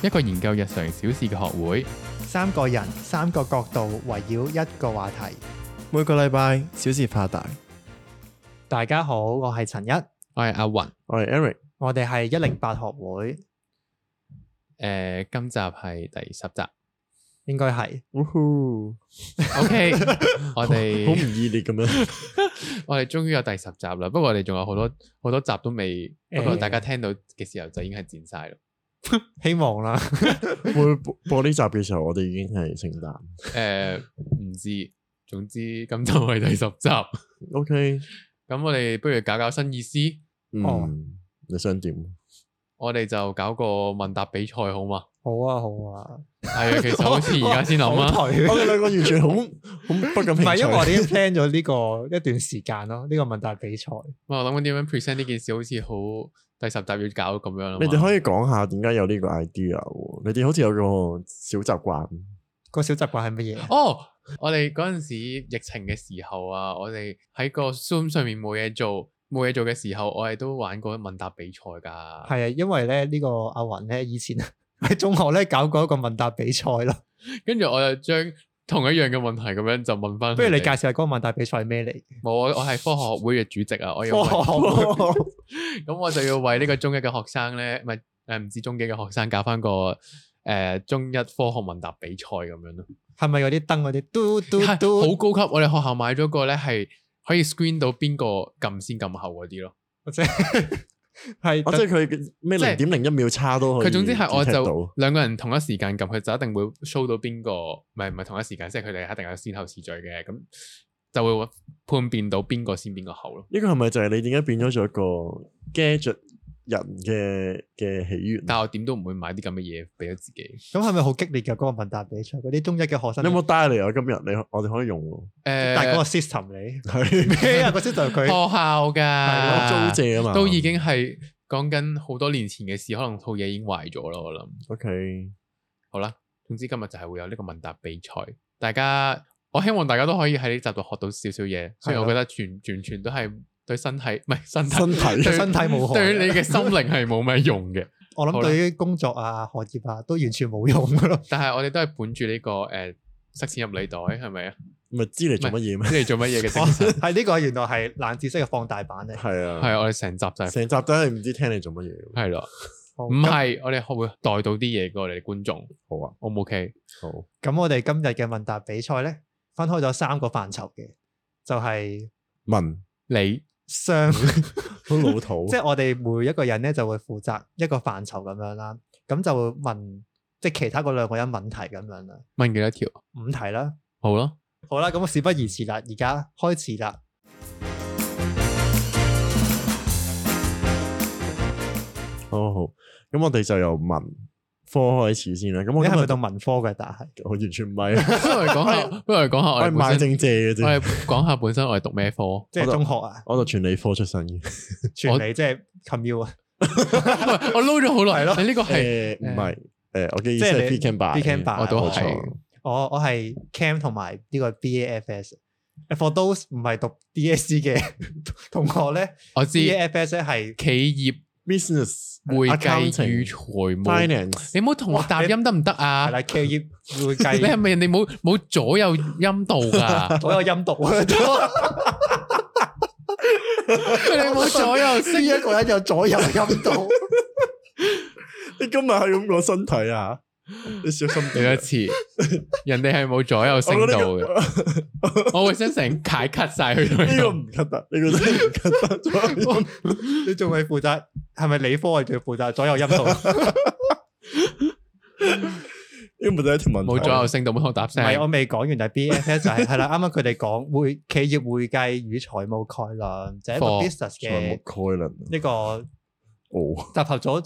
一個研究日常小事嘅學會，三個人，三個角度圍繞一個話題，每個禮拜小事化大。大家好，我係陳一，我係阿雲，我係 Eric，我哋係一零八學會。誒，今集係第十集，應該係。嗚呼，OK，我哋好唔熱烈咁樣。我哋終於有第十集啦，不過我哋仲有好多好多集都未。不過大家聽到嘅時候就已經係剪晒咯。 希望啦播，播播呢集嘅時候，我哋已經係聖誕。誒，唔知，總之今周係第十集。O K，咁我哋不如搞搞新意思。哦，你想點？我哋就搞個問答比賽好嗎？好啊，好啊。係啊， 其實好似而家先諗啊。哦哦哦哦嗯、我哋兩個完全好好不禁唔係，因為我哋已經 plan 咗呢個一段時間咯。呢、這個問答比賽、嗯，我諗點樣 present 呢件事好，好似好。第十集要搞咁樣啦，你哋可以講下點解有呢個 idea？你哋好似有個小習慣，個小習慣係乜嘢？哦，我哋嗰陣時疫情嘅時候啊，我哋喺個 Zoom 上面冇嘢做，冇嘢做嘅時候，我哋都玩過問答比賽噶。係啊，因為咧呢、呢個阿云咧以前喺 中學咧搞過一個問答比賽咯，跟住我就將。同一樣嘅問題，咁樣就問翻佢。不如你介紹下個問答比賽係咩嚟？冇啊，我係科學會嘅主席啊，我要。科學咁我就要為呢個中一嘅學生咧，唔誒，唔知中幾嘅學生搞翻個誒、呃、中一科學問答比賽咁樣咯。係咪嗰啲燈嗰啲？嘟嘟好高級，我哋學校買咗個咧，係可以 screen 到邊個撳先撳後嗰啲咯。 係，即係佢咩零點零一秒差都好佢，總之係我就兩 個人同一時間撳，佢就一定會 show 到邊個，唔係唔係同一時間，即係佢哋一定有先後次序嘅，咁就會判別到邊個先邊個後咯。呢個係咪就係你點解變咗做一個 gadget？人嘅嘅喜悅，但係我點都唔會買啲咁嘅嘢俾咗自己。咁係咪好激烈嘅嗰個問答比賽？嗰啲中一嘅學生，你有冇帶嚟啊？今日你我哋可以用喎。但係嗰個 system 你係咩啊？嗰啲就係佢學校㗎的，租借啊嘛。都已經係講緊好多年前嘅事，可能套嘢已經壞咗咯。我諗。OK，好啦，總之今日就係會有呢個問答比賽，大家我希望大家都可以喺呢集度學到少少嘢。的所以我覺得全全，全全都係。對身體唔係身體，對身體冇好。對於你嘅心靈係冇咩用嘅。我諗對於工作啊、學業啊都完全冇用噶咯。但係我哋都係本住呢個誒塞錢入你袋係咪啊？咪知你做乜嘢咩？知你做乜嘢嘅精神係呢個？原來係冷知識嘅放大版咧。係啊，係啊，我哋成集就係成集都係唔知聽你做乜嘢。係咯，唔係我哋會會帶到啲嘢過我哋觀眾。好啊，O 唔 OK？好。咁我哋今日嘅問答比賽咧，分開咗三個範疇嘅，就係問你。.雙好相 老土，即係我哋每一個人咧就會負責一個範疇咁樣啦，咁就會問即係其他嗰兩個人問題咁樣啦。問幾多條？五題啦。好啦，好啦，咁事不宜遲啦，而家開始啦。好好，咁我哋就又問。科開始先啦，咁我今日去到文科嘅，但係我完全唔係，不如講下，不如講下，我係買正借嘅啫。我係講下本身我係讀咩科，即係中學啊。我讀全理科出身嘅，全理即係 Cam 啊，我撈咗好耐咯。你呢個係唔係？誒，我嘅意思係 Bcam、Bcam 我都係。我我係 Cam 同埋呢個 BAFS，for those 唔係讀 DSE 嘅同學咧，我知 BAFS 咧係企業。Business 會計與財務，Finance, 你唔好同我答音得唔得啊？係啦， 會計，你係咪人哋冇冇左右音度㗎？ 左右音度啊！ 你冇左右思一 個人有左右音度， 你今日係咁講身體啊？你小心，第一次人哋係冇左右聲度嘅，我會將成塊 cut 晒佢，呢個唔 cut 得，呢個唔 cut 得。你仲係負責，係咪理科係仲要負責左右音度？要唔使同問，冇左右聲度，冇同我答聲。唔係，我未講完，但係 BFS 就係係啦。啱啱佢哋講會企業會計與財務概論，就係一個 business 嘅概論，呢個哦，集合咗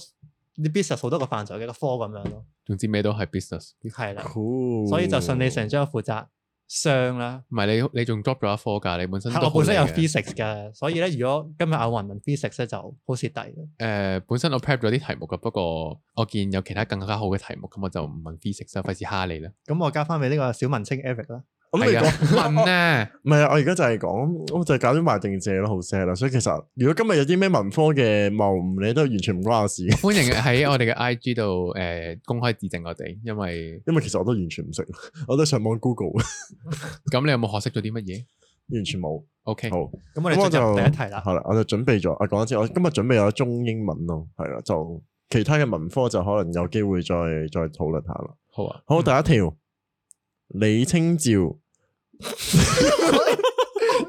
啲 business 好多個範疇嘅一個科咁樣咯。總之咩都係 business，係啦，的 oh，所以就順理成章負責商啦。唔係你你仲 drop 咗一科噶？你本身係，我本身有 physics 噶，所以咧，如果今日阿云問 physics 咧就好蝕底。誒、呃，本身我 prep 咗啲題目噶，不過我見有其他更加好嘅題目，咁我就唔問 physics 啦，費事蝦你啦。咁我加翻俾呢個小文青 Eric 啦。我都未講文咧，唔係啊！我而家就係講，我就搞啲賣定借咯，好嘥啦。所以其實如果今日有啲咩文科嘅謬誤，你都完全唔關我事。歡迎喺我哋嘅 I G 度誒公開指正我哋，因為因為其實我都完全唔識，我都上網 Google。咁你有冇學識咗啲乜嘢？完全冇。OK，好。咁我哋就第一題啦。係啦，我就準備咗。我講一次，我今日準備咗中英文咯，係啦。就其他嘅文科就可能有機會再再討論下啦。好啊。好，第一條，李清照。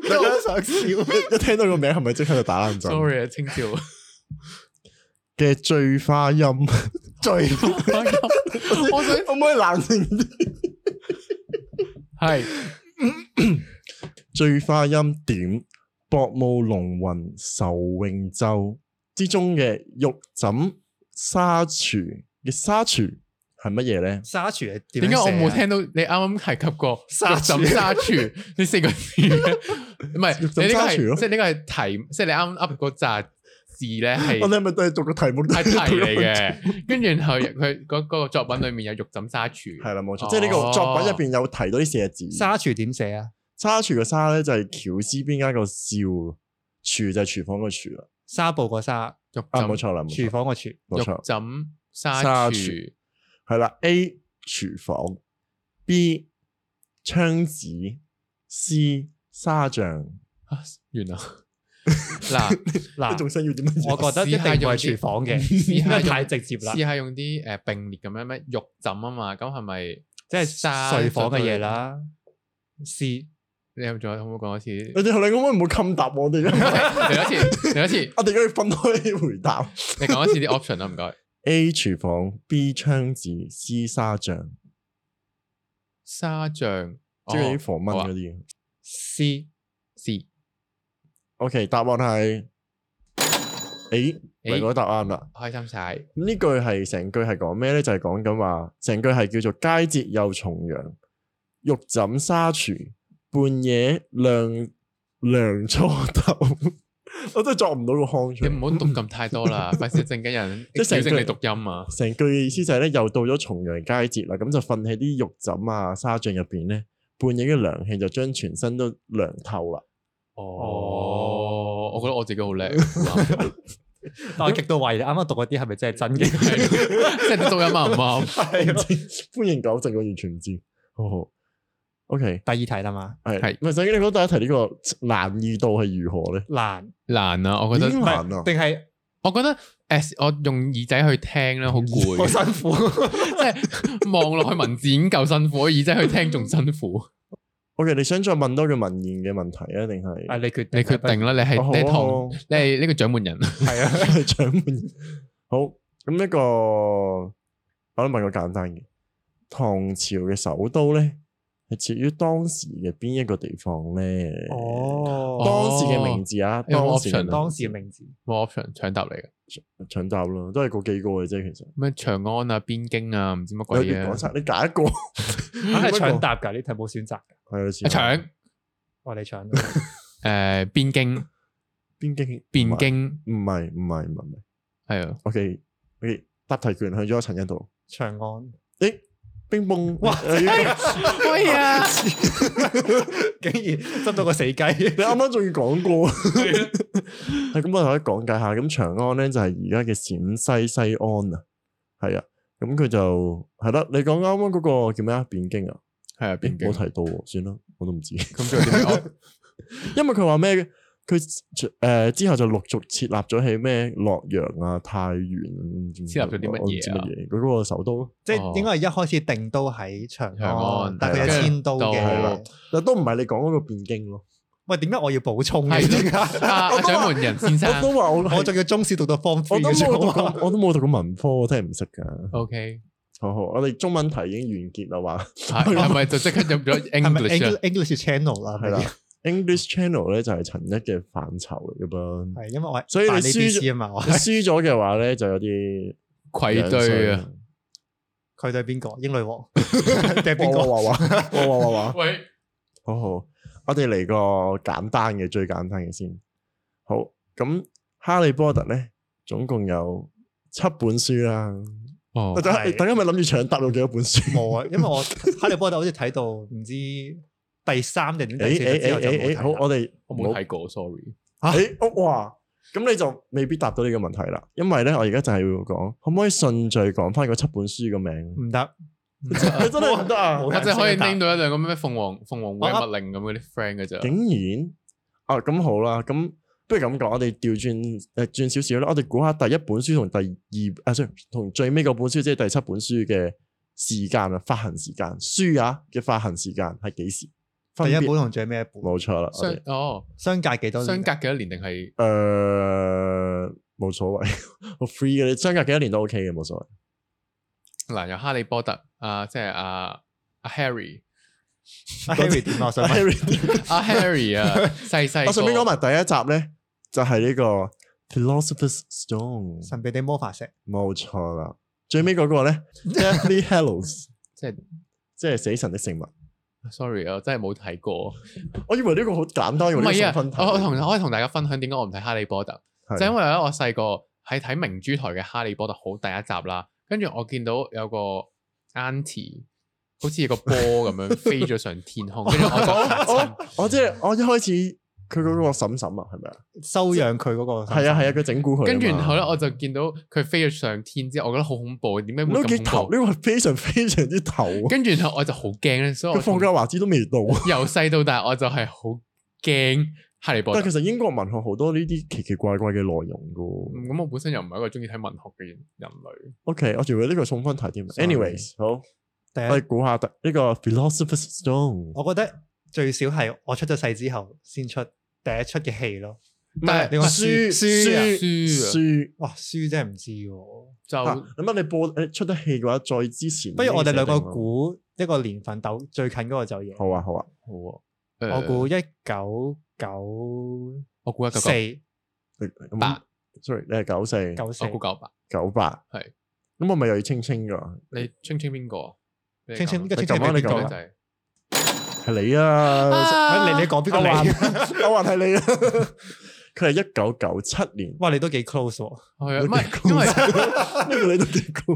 你 都想笑？一聽到個名係咪即刻就打冷震？Sorry 啊，清照嘅醉花陰，醉，花陰，我想，可唔可以冷靜啲？係醉花陰點？薄霧濃雲愁永晝之中嘅玉枕紗廚嘅沙廚。係乜嘢咧？呢沙廚點解我冇聽到？你啱啱提及過沙枕沙廚呢 四個字？唔係，你個啊、即係呢個係題，即、就、係、是、你啱 up 嗰扎字咧係。我哋係咪都係讀個題目？係題嚟嘅，跟住後佢嗰嗰個作品裏面有玉枕沙廚，係啦冇錯。即係呢個作品入邊有提到呢四個字。沙廚點寫啊？沙廚個沙咧就係喬斯邊間個笑廚就係廚房個廚啦。沙布個沙，啊冇錯啦，廚房個廚，冇錯。枕沙廚。係啦，A 廚房，B 窗子，C 沙像。啊，完啦！嗱嗱， 仲需要點樣？我覺得一定要係廚房嘅，太直接啦。試下用啲誒、呃、並列咁樣咩？肉枕啊嘛，咁係咪即係是沙水房嘅嘢啦？C 你仲有可唔可以講一次？你哋兩個可唔可以冚答我哋？講、 okay，一次，講一次， 我哋而家要分開啲回答。 你講一次啲 option 啦，唔該。A 廚房，B 窗子，C 紗帳，紗帳，即係啲防蚊嗰啲、啊。C C，OK，、okay, 答案係，誒 C.、欸，你個答案啦、欸。開心晒，句句呢句係成句係講咩咧？就係講緊話，成句係叫做佳節又重陽，玉枕紗廚，半夜涼涼初透。我都作唔到個腔出嚟，你唔好讀咁太多啦。凡事正嘅人，即係成你讀音啊。成句意思就係咧，又到咗重陽佳節啦，咁就瞓喺啲玉枕啊、沙帳入邊咧，半夜嘅涼氣就將全身都涼透啦。哦，我覺得我自己好叻，但係極都懷疑啱啱讀嗰啲係咪真係真嘅，即係讀音啱唔啱？歡迎糾正我，完全唔知。O K，第二題啦嘛，係係，係，所以你覺得第一題呢個難易度係如何咧？難難啊，我覺得，唔啊。定係我覺得，誒，我用耳仔去聽咧，好攰，好辛苦，即係望落去文字已經夠辛苦，耳仔去聽仲辛苦。O K，你想再問多句文言嘅問題啊？定係？啊，你決你決定啦，你係，你係呢個掌門人，係啊，掌門。好，咁呢個，我諗問個簡單嘅，唐朝嘅首都咧。設於當時嘅邊一個地方咧？哦，當時嘅名字啊，當時當時嘅名字。我搶搶答嚟嘅，搶答咯，都係嗰幾個嘅啫，其實。咩長安啊，北京啊，唔知乜鬼嘢。你講你揀一個，係搶答噶，你睇冇選擇。係啊，你搶。我哋搶。誒，北京。北京北京，唔係唔係唔係唔係。係啊。O K O K，答題權去咗陳一度。長安。咦？乒乓，哇！係啊，竟然執到個死雞！你啱啱仲要講過，係咁我可以講解下。咁長安咧就係而家嘅陝西西安啊，係啊，咁佢就係啦。你講啱啱嗰個叫咩啊？汴京啊，係啊，汴京我提到，算啦，我都唔知。咁仲點講？因為佢話咩嘅？佢誒，之後就陸續設立咗喺咩洛陽啊、太原設立咗啲乜嘢啊？佢嗰個首都，即係應該係一開始定都喺長安，但係佢有遷都嘅，但都唔係你講嗰個汴京咯。喂，點解我要補充嘅？掌門人我都話我仲要中史讀到 Form 3，我都冇讀，我都冇讀到文科，我真係唔識噶。OK，好好，我哋中文題已經完結啦，話係咪就即刻入咗 English English Channel 啦，係啦。English Channel 咧就係陳一嘅範疇嚟咁樣，係因為我所以你輸啊嘛，輸咗嘅話咧就有啲愧對啊，愧對邊個英女王？定邊個話話話話？喂，好好，我哋嚟個簡單嘅最簡單嘅先，好，咁《哈利波特》呢咧、嗯、總共有七本書啦，哦，等一下的等咪諗住搶得到幾多本書？冇啊，因為我《哈利波特》好似睇到唔知。 第三定點？誒誒誒誒誒，好，我哋我冇睇過沒，sorry。誒、欸哦、哇，咁你就未必答到呢個問題啦。因為咧，我而家就係要講，可唔可以順序講翻個七本書嘅名？唔得， 你真係唔得啊！即係可以拎到一兩個咩咩鳳凰鳳凰會密令咁嗰啲 friend 嘅啫。竟然啊，咁、嗯嗯、好啦，咁、嗯、不如咁講，我哋調轉誒、嗯、轉少少啦。我哋估下第一本書同第二啊，唔係同最尾嗰本書，即係第七本書嘅時間啊，發行時間書啊嘅發行時間係幾時？第一本同最咩？冇錯啦。哦，相隔幾多？相隔幾多年？定係誒，冇所謂，free 嘅，相隔幾多年都 OK 嘅，冇所謂。嗱，由哈利波特啊，即係阿阿 Harry，Harry 點啊？阿 Harry 啊，細細。我順便講埋第一集咧，就係呢個 Philosopher's Stone，神秘的魔法石。冇錯啦，最尾嗰個咧 Deathly Hallows，即係即係死神的聖物。sorry，我真係冇睇過。我以為呢個好簡單嘅，唔係啊！我同我同大家分享點解我唔睇《哈利波特》的，就因為咧，我細個係睇明珠台嘅《哈利波特》好第一集啦。跟住我見到有個 Auntie 好似個波咁樣飛咗上天空，跟住 我 我我即係我，我一開始。佢嗰個嬸嬸啊，係咪啊？收養佢嗰個，係啊係啊，佢整蠱佢。跟住然後咧，我就見到佢飛咗上天之後，我覺得好恐怖，點解會咁恐怖？呢個係非常非常之頭。跟住然後我就好驚咧，所以佢放假話知都未到。 由細到大，我就係好驚哈利波特。但其實英國文學好多呢啲奇奇怪怪嘅內容噶。咁、嗯、我本身又唔係一個中意睇文學嘅人類。O、okay, K，我仲為呢個送分題添。Anyways，以好，一我哋估下呢個 Philosopher’s Stone。我覺得。.最少係我出咗世之後先出第一出嘅戲咯。唔係你話輸輸輸輸哇輸真係唔知。就咁啊，你播你出咗戲嘅話，再之前，不如我哋兩個估一個年份，鬥最近嗰個就贏。好啊好啊好。我估一九九，我估一九四八。Sorry，你係九四九，四？估九八九八。係咁我咪又要清清噶？你清清邊個，清清你琴晚你講。係你啊！你你講邊個話？我話係你啊！佢係一九九七年。哇，你都幾 close 喎！係啊，唔係因為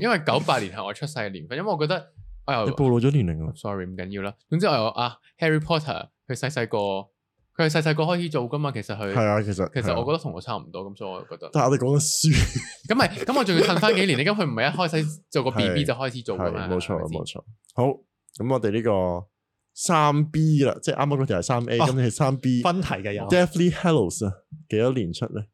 因為九八年係我出世嘅年份，因為我覺得我又暴露咗年齡啦。Sorry，唔緊要啦。總之我又啊，Harry Potter 佢細細個，佢係細細個開始做噶嘛。其實佢係啊，其實其實我覺得同我差唔多咁，所以我又覺得。但係我哋講緊書，咁咪咁我仲要趁翻幾年？你咁佢唔係一開始做個 BB 就開始做噶嘛？冇錯，冇錯。好，咁我哋呢個。三 B 啦，即係啱啱嗰條係三 A，咁你係三 B。分題嘅人，Deathly Hallows 啊，幾多年出咧？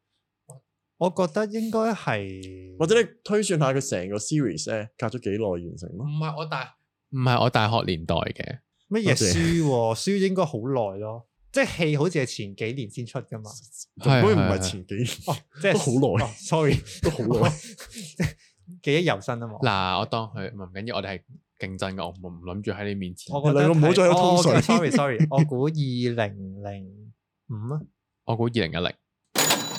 我覺得應該係，或者你推算下佢成個 series 咧，隔咗幾耐完成咯。唔係我大，唔係我大學年代嘅。乜嘢書？書應該好耐咯，即係戲好似係前幾年先出噶嘛。所以唔係前幾年，即係好耐。Sorry，都好耐，記憶猶新啊嘛。嗱，我當佢唔緊要，我哋係。勁真我唔唔諗住喺你面前。我兩個唔好再有口水。Sorry，sorry，oh, sorry, 我估二零零五啊。我估二零一零。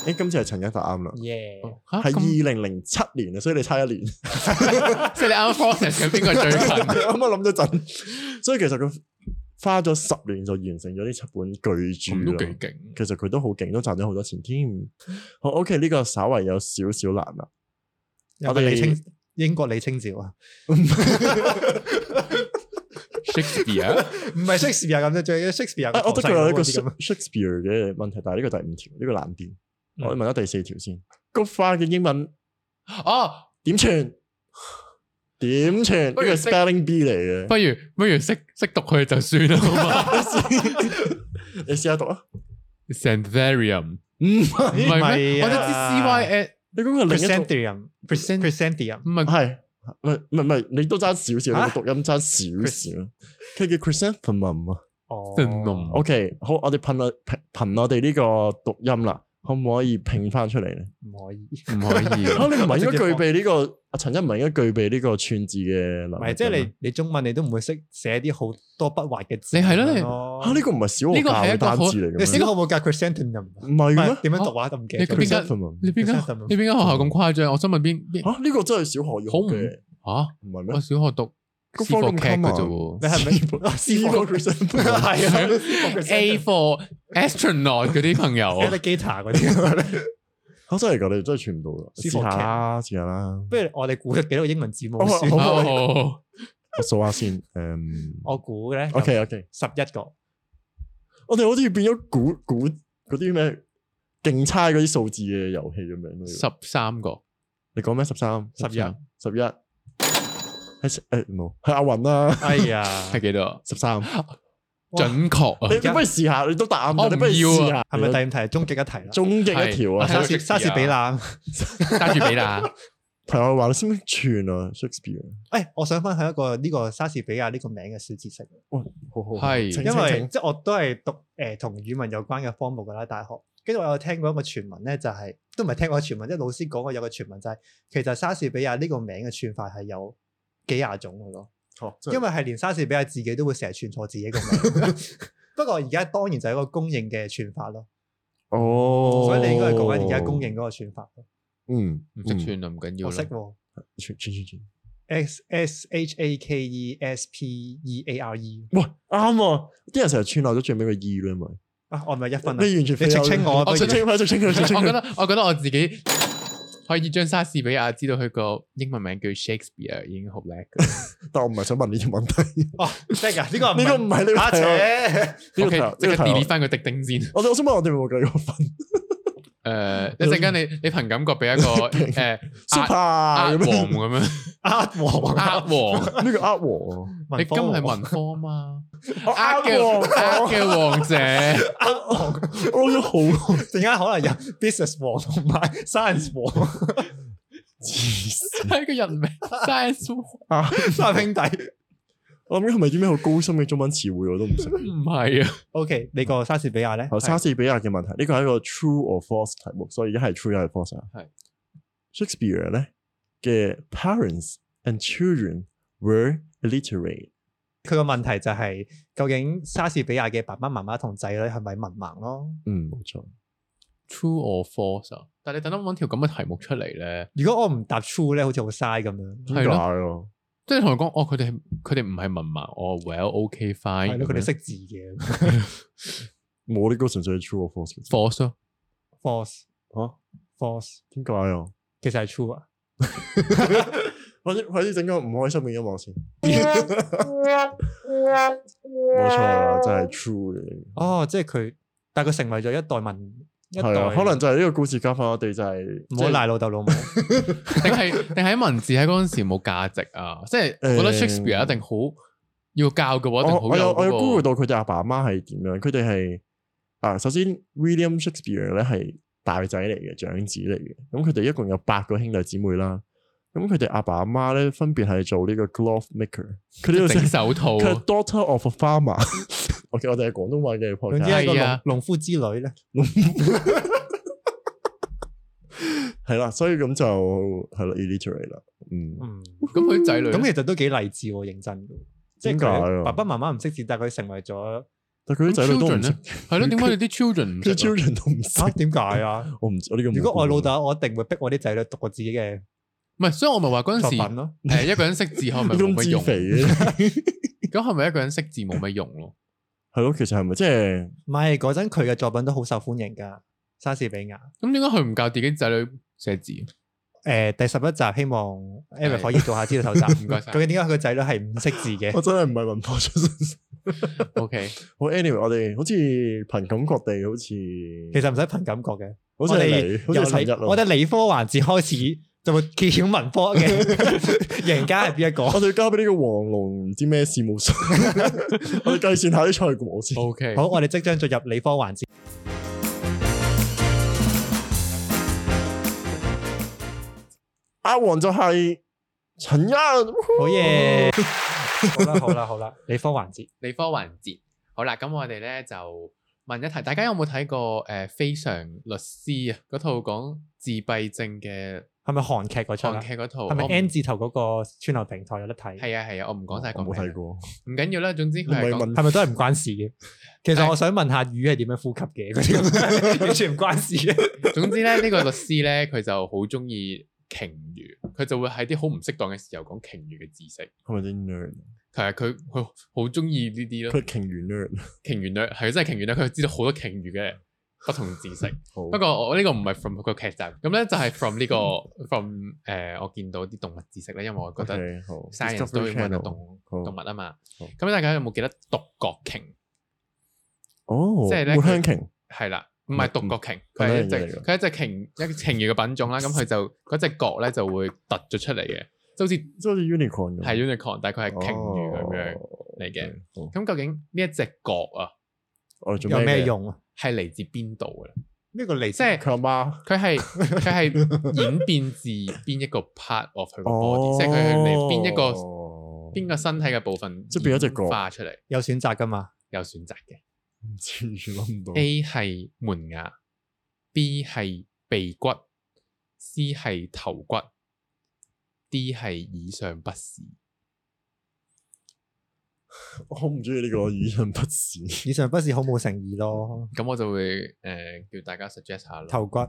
誒，今次係陳一發啱啦。Yeah，吓係二零零七年啊，所以你差一年。即係 你啱啱 o s t e r 嘅邊個最近、 嗯？我啱啱諗咗陣，所以其實佢花咗十年就完成咗呢七本巨著。咁都幾勁。其實佢都好勁，都賺咗好多錢添。好，OK，呢個稍微有少少難啦。我哋英國李清照啊，Shakespeare 唔係 Shakespeare 咁啫，仲有 Shakespeare 個細個啲一樣。Shakespeare 嘅問題，但係呢個第五條，呢個難點，我問咗第四條先。菊花嘅英文，哦，點串？點串？呢個 spelling B 嚟嘅，不如不如識識讀佢就算啦好嘛？你試下讀啊 c e n v a r i u m 唔係我知 C Y 你講係另一種，chrysanthemum 唔係，唔係唔係。你都爭少少，蛤你讀音爭少少，佢叫 chrysanthemum 啊，哦，chrysanthemum？哦，okay，好，我哋憑啊，憑我哋呢個讀音啦。可唔可以拼翻出嚟咧？唔可以，唔可以。你唔係應該具備呢個。阿陳一文應該具備呢個串字嘅能力。唔係，即係你你中文你都唔會識寫啲好多筆畫嘅字。你係咯？嚇，呢個唔係小學教嘅單字嚟嘅。你小好冇教佢 sentence 㗎？唔係咩？點樣讀啊？咁奇怪？你邊間？你邊間？你邊間學校咁誇張？我想問邊邊？嚇，呢個真係小學要嘅。嚇，唔係咩？我小學讀。C 貨劇噶啫喎，你係咪 C 貨？C 貨 present，係啊，A for astronaut 嗰啲朋友啊，educator 嗰啲啊咧。咁真係噶，你真係存唔到啦。試下啦，試下啦。不如我哋估下幾多個英文字母先啦。我數下先，誒，我估咧。OK，OK，十一個。我哋好似變咗估估嗰啲咩競猜嗰啲數字嘅遊戲咁樣咯。十三個，你講咩？十三，十一，十一。係誒冇，係阿云啦。哎呀，係幾多？十三，準確。你不如試下，你都答啱。你不如試下，係咪第五題？終極一題啦。終極一條啊，莎士比亞，揸住比亞。朋友話：你識唔識串啊？莎士比亞。誒，我想分享一個呢個莎士比亞呢個名嘅小知識。哦，好好。係，因為即係我都係讀誒同語文有關嘅科目噶啦，大學。跟住我有聽過一個傳聞咧，就係都唔係聽過個傳聞，即係老師講過有個傳聞就係，其實莎士比亞呢個名嘅串法係有。幾廿種咯，我哦、因為係連莎士 比亞自己都會成日串錯自己個名。 不過而家當然就係一個公認嘅串法咯。哦，所以你應該係講緊而家公認嗰個串法咯。嗯，唔識串、嗯、啊，唔緊要我識喎，串串串串 x S H A K E S P E A R E。喂，啱喎，啲人成日串漏咗最尾個 E 咯，係咪？R e、啊，我唔係一分你完全你澄清我，我澄清清我覺得我覺得我自己。可以將莎士比亞知道佢個英文名叫 Shakespeare 已經好叻， 但我唔係想問呢個問題。 哦，得噶，呢、這個呢個唔係你我。個題、啊。O K，即係 delete 翻個滴滴先。我我我想問我哋有冇計過分？誒，一陣間你你憑感覺俾一個誒，呃 art, Super art, art 王咁樣，呃王，呃王，呢 個呃王，王你今係文科嘛？我呃、oh, Art 的王，嘅 Art 王者姐，呃王，撈咗好，陣間可能有 business 王同埋 science 王，真係一個人名，science 啊，三、啊啊、兄弟。我諗係咪啲咩好高深嘅中文詞彙，我都唔識。唔係是啊。OK，你個莎士比亞咧？哦、嗯，莎士比亞嘅問題，呢個係一個 true or false 題目，所以而家係 true 啊，係 false 係。Shakespeare 咧嘅 parents and children were illiterate 佢個問題就係、是、究竟莎士比亞嘅爸爸媽媽同仔女係咪文盲咯？嗯，冇錯。True or false 但係你突然間搵條咁嘅題目出嚟咧？如果我唔答 true 咧，好似好嘥咁樣。係咯的。即係同佢講，哦，佢哋佢哋唔係文盲，我 well okay fine，佢哋識字嘅。冇啲 questions 係 true or false？false 咯，false 啊，false 點解啊？其實係 true 啊！我我啲整個唔開心嘅音樂先，冇錯啊，真係 true 嚟。哦，即係佢，但係佢成為咗一代文。係啊，對可能就係呢個故事加分，就是，我哋就係唔好賴老豆老母，定係定喺文字喺嗰陣時冇價值啊！ 即係我覺得 Shakespeare 一定好、嗯、要教嘅，那個，我我我有估到佢哋阿爸阿媽係點樣，佢哋係啊，首先 William Shakespeare 咧係大仔嚟嘅長子嚟嘅，咁佢哋一共有八個兄弟姊妹啦，咁佢哋阿爸阿媽咧分別係做呢個 cloth maker，佢呢度整手套，啊，佢 daughter of a farmer。 我哋係廣東話嘅。總之係個農夫之女咧。係啦， 所以咁就係啦 illiterate 啦。嗯嗯，咁佢仔女咁其實都幾勵志，認真嘅。點解 is 爸爸媽媽唔識字，但係佢成為咗。但佢啲仔女都唔識 Children? 係咯？點解你啲 children，啲 children 都唔識？點解啊？我唔知如果我老豆，我一定會逼我啲仔女讀過自己嘅。唔係 所以我咪話嗰陣時，誒， 一個人識字，係咪冇乜用？咁係咪一個人識字冇乜用咯？係咯，其實係咪即係？唔係嗰陣佢嘅作品都好受歡迎噶，莎士比亞。咁點解佢唔教自己仔女寫字？誒、呃，第十一集希望 Amy 可以做下資料搜集。唔該晒 你。究竟點解佢個仔女係唔識字嘅？我真係唔係文科出身。O Okay . K， 好。Anyway，我哋好似憑感覺地，好似其實唔使憑感覺嘅。好似你，有好似我哋理科環節開始。就咪揭曉文科嘅贏家係邊一個？ 我哋交俾呢個黃龍唔知咩事務所，我哋計算下啲賽果先。O K，好，我哋即將進入理科環節。 阿黃就係陳一，好嘢耶！ 好啦，好啦，好啦， 理科環節，理科環節。好啦，咁我哋咧就問一題，大家有冇睇過誒、呃《非常律師》啊？嗰套講自閉症嘅。係咪韓劇嗰套？韓劇嗰套，係咪 N 字頭嗰個串流平台有得睇？係不啊，係啊，我唔講晒，個。冇睇過，唔緊要啦。總之佢係咪都係唔關事嘅？其實、啊、我想問下魚係點樣呼吸嘅？啲 完全唔關事嘅。 總之咧，呢、呢個律師咧，佢就好中意鯨魚，佢就會喺啲好唔適當嘅時候講鯨魚嘅知識。係咪啲虐？係啊、嗯，佢佢好中意呢啲咯。佢鯨魚虐，鯨魚虐係真係鯨魚咧，佢 知道好多鯨魚嘅。不同知識，不過我呢個唔係 from 個劇集，咁咧就係 from 呢個 from 誒我見到啲動物知識咧，因為我覺得，好，生都要問動物動物啊嘛。咁大家有冇記得獨角鯨？哦，即係鬱香鯨，係啦，唔係獨角鯨，佢係一隻佢係一隻鯨，一鯨魚嘅品種啦。咁佢就嗰隻角咧就會突咗出嚟嘅，就好似就好似 unicorn，係 unicorn，但係佢係鯨魚咁樣嚟嘅。咁究竟呢一隻角啊，有咩用啊？係嚟自邊度嘅咧？呢個嚟即係佢阿佢係佢係演變自邊一個 part of 佢個 body，、哦、即係佢嚟邊一個邊個身體嘅部分，即係變咗隻角化出嚟。有選擇噶嘛？有選擇嘅。唔知，諗唔到 A 係門牙，B 係鼻骨，C 係頭骨，D 係以上不是。我好唔中意呢個以上不是， 以上不是好冇誠意咯。咁 我就會誒、呃、叫大家 suggest 下啦。頭骨，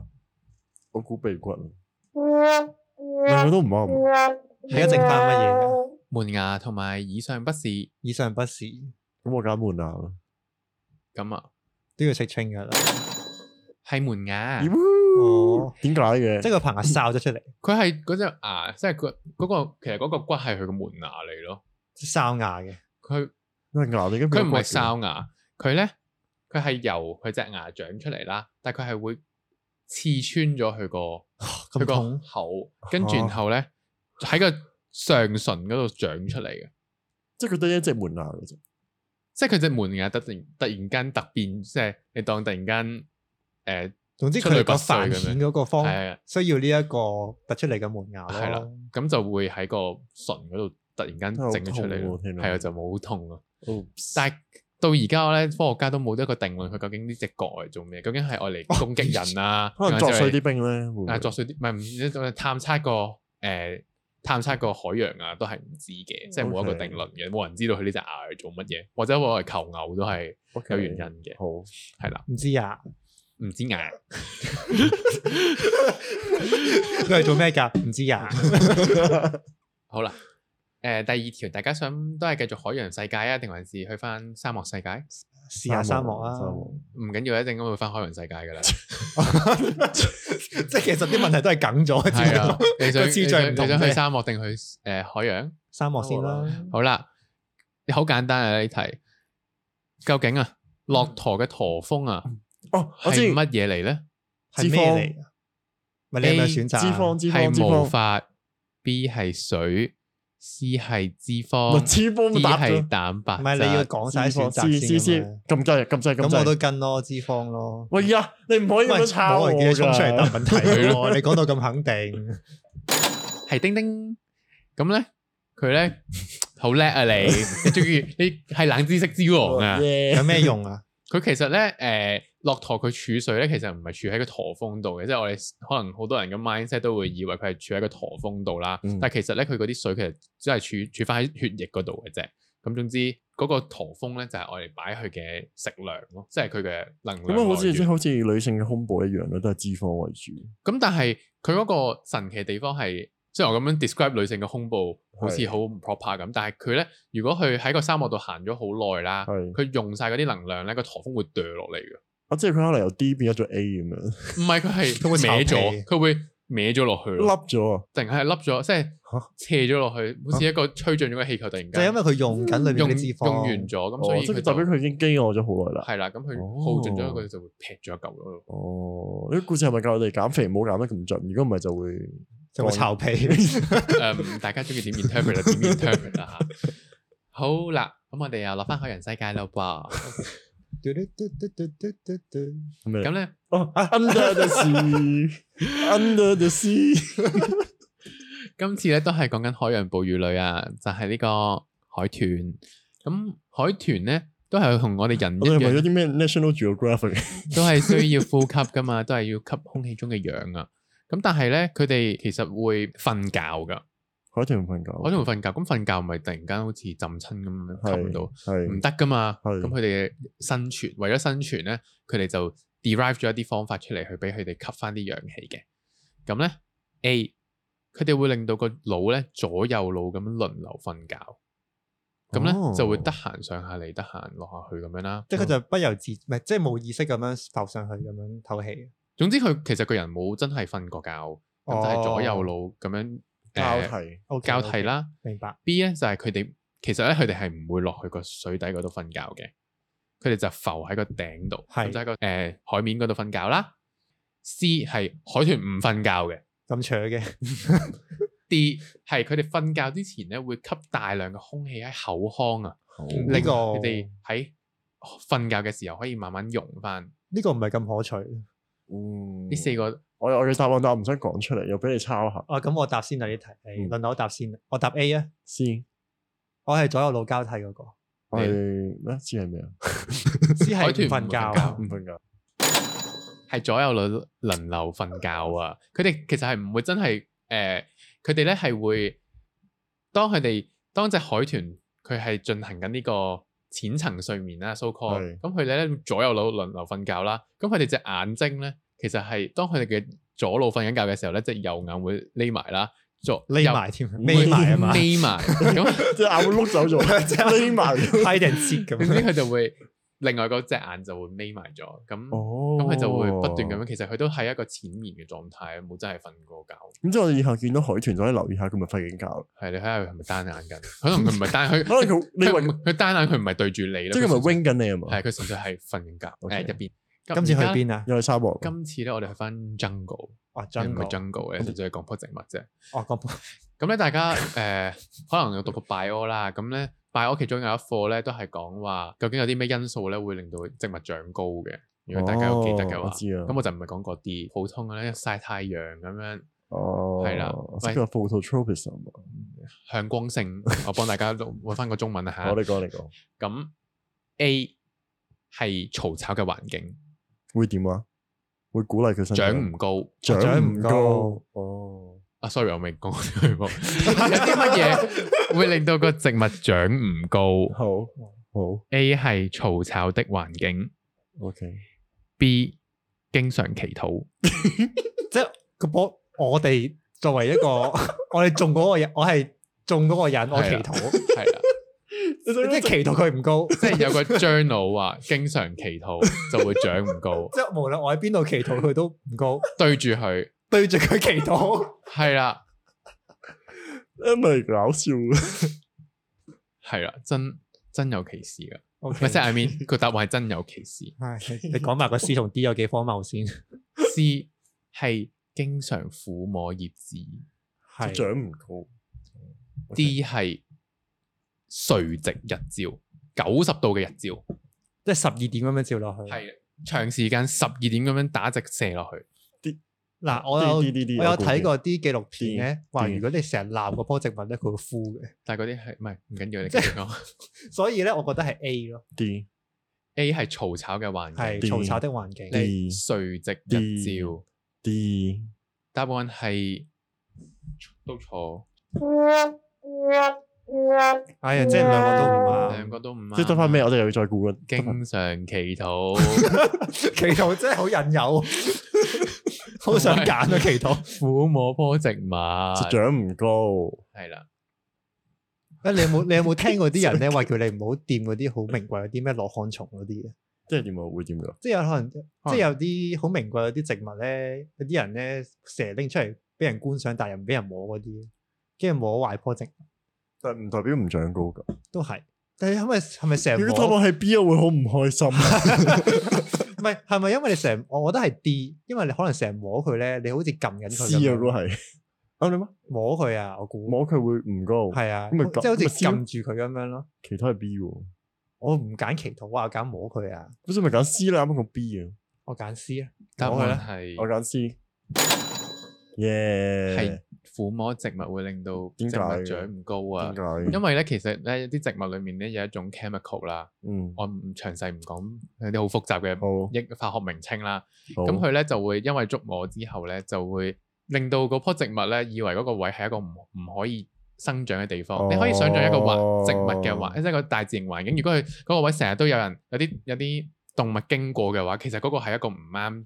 我估鼻骨啊，兩個都唔啱，而家剩返乜嘢？門牙同埋以上不是，以上不是。咁我揀門，啊、門牙，咁啊都要識清噶啦，係門牙。點解嘅？即係 個棚牙哨咗出嚟，佢係嗰隻牙，即係個嗰個，其實嗰個骨係佢個門牙嚟咯，哨牙嘅。佢佢唔係哨牙，佢咧佢係由佢隻牙長出嚟啦，但係佢係會刺穿咗佢個佢個口，跟住然後咧喺個上唇嗰度長出嚟嘅，即係佢得一隻門牙嘅啫，即係佢隻門牙突然突然間突變，即係你當突然間誒，呃，總之佢個繁衍嗰個方式樣對需要呢一個突出嚟嘅門牙咯，係啦，咁就會喺個唇嗰度。突然間整咗出嚟，係啊了，就冇好痛啊。呃、到而家咧，科學家都冇一個定論，佢究竟呢隻角係做咩？究竟係愛嚟攻擊人啊，啊？可能作碎啲冰咧，會會啊，作碎啲，唔係探測個誒，探測個、呃、海洋啊，都係唔知嘅，即係冇一個定論嘅，冇 Okay. 人知道佢呢隻牙係做乜嘢，或者我嚟求偶都係有原因嘅。Okay. 好，係啦的，唔知啊，唔 知牙佢係做咩噶？唔知啊， 好啦。誒，第二條大家想都係繼續海洋世界啊，定還是去翻沙漠世界？試下沙漠啦，唔緊要，一陣間會翻海洋世界噶啦。即係其實啲問題都係梗咗，始終。你想去沙漠定去誒海洋？沙漠先啦。好啦，你好簡單啊呢題。究竟啊，駱駝嘅駝峰啊，哦我知乜嘢嚟咧？脂肪嚟噶，唔係你有咩選擇。脂肪，脂肪，脂肪 B 係水。是係脂肪，脂肪咁打咗，係蛋白。唔係你要講晒選擇先啦。咁犀利，咁犀利，咁犀利。咁我都跟咯，脂肪咯。喂呀，你唔可以咁抄我噶。我係記得衝出嚟答問題咯。你講到咁肯定，係叮叮。咁咧，佢咧好叻啊！你，你仲要，你係冷知識之王啊！有咩用啊？佢其實咧，誒。駱駝佢儲水咧，其實唔係儲喺個駝峰度嘅，即係我哋可能好多人嘅 mindset 都會以為佢係儲喺個駝峰度啦。嗯、但係其實咧，佢嗰啲水其實只係儲儲翻喺血液嗰度嘅啫。咁總之嗰個駝峯咧就係我哋擺佢嘅食糧咯，即係佢嘅能量。咁啊、嗯，好似即係好似女性嘅胸部一樣咯，都係脂肪為主。咁但係佢嗰個神奇嘅地方係，雖然我咁樣 describe 女性嘅胸部好似好唔 proper 咁，是但係佢咧如果佢喺個沙漠度行咗好耐啦，佢是用晒嗰啲能量咧，個駝峰會掉落嚟㗎。啊！即係佢可能由 D 變咗做 A 咁樣，唔係佢係佢會歪咗，佢會歪咗落去，凹咗啊！定係凹咗，即係斜咗落去，好似一個吹進咗個氣球突然間。就因為佢用緊裏用完咗，咁所以代表佢已經飢餓咗好耐啦。係啦，咁佢耗盡咗，佢就會劈咗一嚿咯。哦，呢個故事係咪教我哋減肥，唔好減得咁盡？如果唔係，就會我巢皮。誒，大家中意點 interpret 就點 interpret 啦。好啦，咁我哋又落翻海洋世界咯噃。咁咧，Under the sea，Under the sea。今次咧都係講緊海洋哺乳類啊，就係、是、呢個海豚。咁海豚咧都係同我哋人一樣，嗯、都係需要呼吸噶嘛， 都係要吸空氣中嘅氧啊。咁但係咧，佢哋其實會瞓覺噶。我仲唔瞓覺，我仲唔瞓覺。咁瞓、嗯、覺咪突然間好似浸親咁樣吸唔是到，唔得㗎嘛。咁佢哋嘅生存，為咗生存咧，佢哋就 derive 咗一啲方法出嚟，去俾佢哋吸翻啲氧氣嘅。咁咧，A，佢哋會令到個腦咧，左右腦咁樣輪流瞓覺。咁咧、哦、就會得閒上下嚟，得閒落下去咁樣啦、哦。即係佢就不由自，唔即係冇意識咁樣浮上去咁樣唞氣、嗯。總之佢其實個人冇真係瞓過覺，咁就係左右腦咁樣、嗯。嗯交哦，呃、okay, okay, 交替啦，okay, 明白 B 呢。B 咧就係佢哋，其實咧佢哋係唔會落去個水底嗰度瞓覺嘅，佢哋就浮喺個頂度，就喺、嗯那個誒、呃、海面嗰度瞓覺啦。C 係海豚唔瞓覺嘅，咁扯嘅。D 係佢哋瞓覺之前咧會吸大量嘅空氣喺口腔啊，呢令佢哋喺瞓覺嘅時候可以慢慢溶返。呢個唔係咁可取。嗯，呢四個我我嘅答案，但我唔想講出嚟，又俾你抄下。哦、啊，咁、嗯啊、我答先嗱呢題，輪到我答先答。嗯、我答 A 啊，先。C 我係左右腦交替嗰個。我哋你咩？知係咩啊？知係海豚瞓覺？唔瞓覺。係左右輪輪流瞓覺啊！佢哋其實係唔會真係，誒、呃，佢哋咧係會，當佢哋當隻海豚，佢係進行緊呢個。淺層睡眠啦，so call，咁佢哋咧，左右腦輪流瞓覺啦。咁佢哋隻眼睛咧，其實係當佢哋嘅左腦瞓緊覺嘅時候咧，即係右眼會匿埋啦，左匿埋添，匿埋啊嘛，匿埋咁隻眼會碌走咗， 即係匿埋批定切咁，唔知佢 就會。 另外嗰隻眼就會眯埋咗，咁咁佢就會不斷咁樣，其實佢都係一個淺眠嘅狀態，冇真係瞓過覺。咁即係我哋以後見到海豚，就可以留意下佢咪瞓緊覺咯。係你睇下佢係咪單眼緊？可能佢唔係單，佢可能佢佢單眼，佢唔係對住你咯。即係佢咪 wink 緊你啊嘛？係佢純粹係瞓緊覺誒一邊。今次去邊啊？又去沙漠。今次咧，我哋去翻 jungle。啊，jungle！jungle 嘅，就係講棵植物啫。哦，講棵。咁咧，大家誒可能有讀過 bio 啦，咁咧。但係我其中有一課咧，都係講話究竟有啲咩因素咧，會令到植物長高嘅。如果大家記得嘅話，咁我就唔係講嗰啲普通嘅咧，曬太陽咁樣。哦，係啦，呢個 phototropism 向光性。我幫大家揾翻個中文吓。我哋講，我哋講。咁 A 係嘈吵嘅環境，會點啊？會鼓勵佢長唔高，長唔高。哦。啊，sorry，我未講。有啲乜嘢？會令到個植物長唔高。好，好。A 係嘈吵的環境。O K。B 經常祈禱， 即係我我哋作為一個我哋種嗰個人，我係種嗰個人，我祈禱。啊啊、 即係祈禱佢唔高， 即係有個 journal 話經常祈禱就會長唔高。 即係無論我喺邊度祈禱佢都唔高。 對住佢他，對住佢祈禱。係啦。誒，咪搞笑，係啦，真真有其事噶。唔係即係，I mean 個答案係真有其事。係你講埋個 C 同 D 有幾荒謬先？C 係經常撫摸葉子，即係的長唔高。D 係垂直日照九十度嘅日照，即係十二點咁樣照落去。係長時間十二點咁樣打直射落去。嗱，我有我有睇過啲紀錄片咧，話如果你成日鬧嗰棵植物咧，佢會枯嘅。但係嗰啲係唔係唔緊要，你講。所以咧，我覺得係 A 咯。D A 係嘈吵嘅環境，嘈吵的環境。D 垂直日照。D 答案係都錯。哎呀，即係兩個都唔啱，兩個都唔啱。即係得翻咩？我哋又要再顧。經常祈禱，祈禱真係好引誘。好想揀啊！祈禱，撫 摸棵植物，長唔高，係啦。哎，你有冇你有冇聽過啲人咧話叫你唔好掂嗰啲好名貴嗰啲咩羅漢松嗰啲嘅？即係點啊？會點㗎？即係有可能，即係有啲好名貴嗰啲植物咧，的有啲人咧成日拎出嚟俾人觀賞，但係又唔俾人摸嗰啲，跟住摸壞棵植物。但係唔代表唔長高㗎。都係，但係係咪係咪成日摸？係邊啊？會好唔開心。唔係，係咪因為你成日，我覺得係 D，因為你可能成日摸佢咧，你好似撳緊佢咁樣。C 啊，我估係。啱你咩？摸佢啊，我估摸佢會唔高。係啊，咁咪即係好似撳住佢咁樣咯。其他係 B 喎，我唔揀祈禱啊，我揀摸佢啊。咁所咪揀 C 啦，啱啱講 B 啊。我揀、啊 C，啊、C 啊，答案係我揀、嗯、C。耶、yeah.！撫摸植物會令到植物長唔高啊，為因為咧其實咧啲植物裡面咧有一種 chemical 啦、啊，嗯、我唔詳細唔講有啲好複雜嘅益化學名稱啦，咁佢咧就會因為觸摸之後咧就會令到嗰樖植物咧以為嗰個位係一個唔唔可以生長嘅地方，哦、你可以想象一個環植物嘅環，哦、即係個大自然環境，如果佢嗰個位成日都有人有啲有啲動物經過嘅話，其實嗰個係一個唔啱。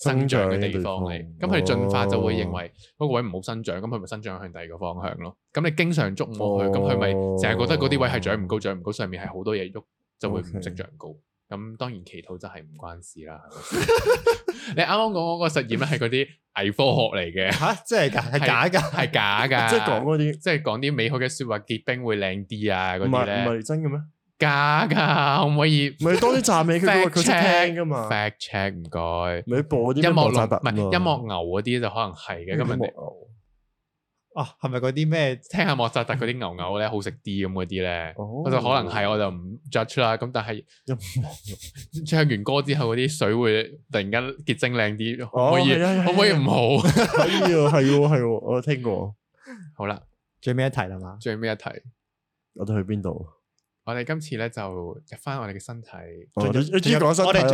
生長嘅地方嚟，咁佢、哦、進化就會認為嗰個位唔好生長，咁佢咪生長向第二個方向咯？咁你經常捉摸佢，咁佢咪成日覺得嗰啲位係長唔高，長唔高上面係好多嘢喐，就會唔識長高。咁 okay. 當然祈禱真係唔關事啦。 你啱啱講嗰個實驗咧係嗰啲偽科學嚟嘅嚇，真係㗎，假㗎，係假㗎， 即係講嗰啲，即係講啲美好嘅説話結冰會靚啲啊嗰啲咧，唔係唔係真嘅咩？加噶，可唔可以？咪多啲讚美佢，佢聽噶嘛？Fact check，唔該。音樂牛，唔係音樂牛嗰啲就可能係嘅。今日牛？啊，係咪嗰啲咩？聽下莫扎特嗰啲牛牛咧，好食啲咁嗰啲咧，我就可能係，我就唔 judge 啦。咁但係音樂唱完歌之後，嗰啲水會突然間結晶靚啲，可唔可以？可唔可以唔好？係啊，係喎，係喎，我聽過。好啦，最尾一題啦嘛，最尾一題，我哋去邊度？我哋今次咧就入翻我哋嘅身體，進入我哋進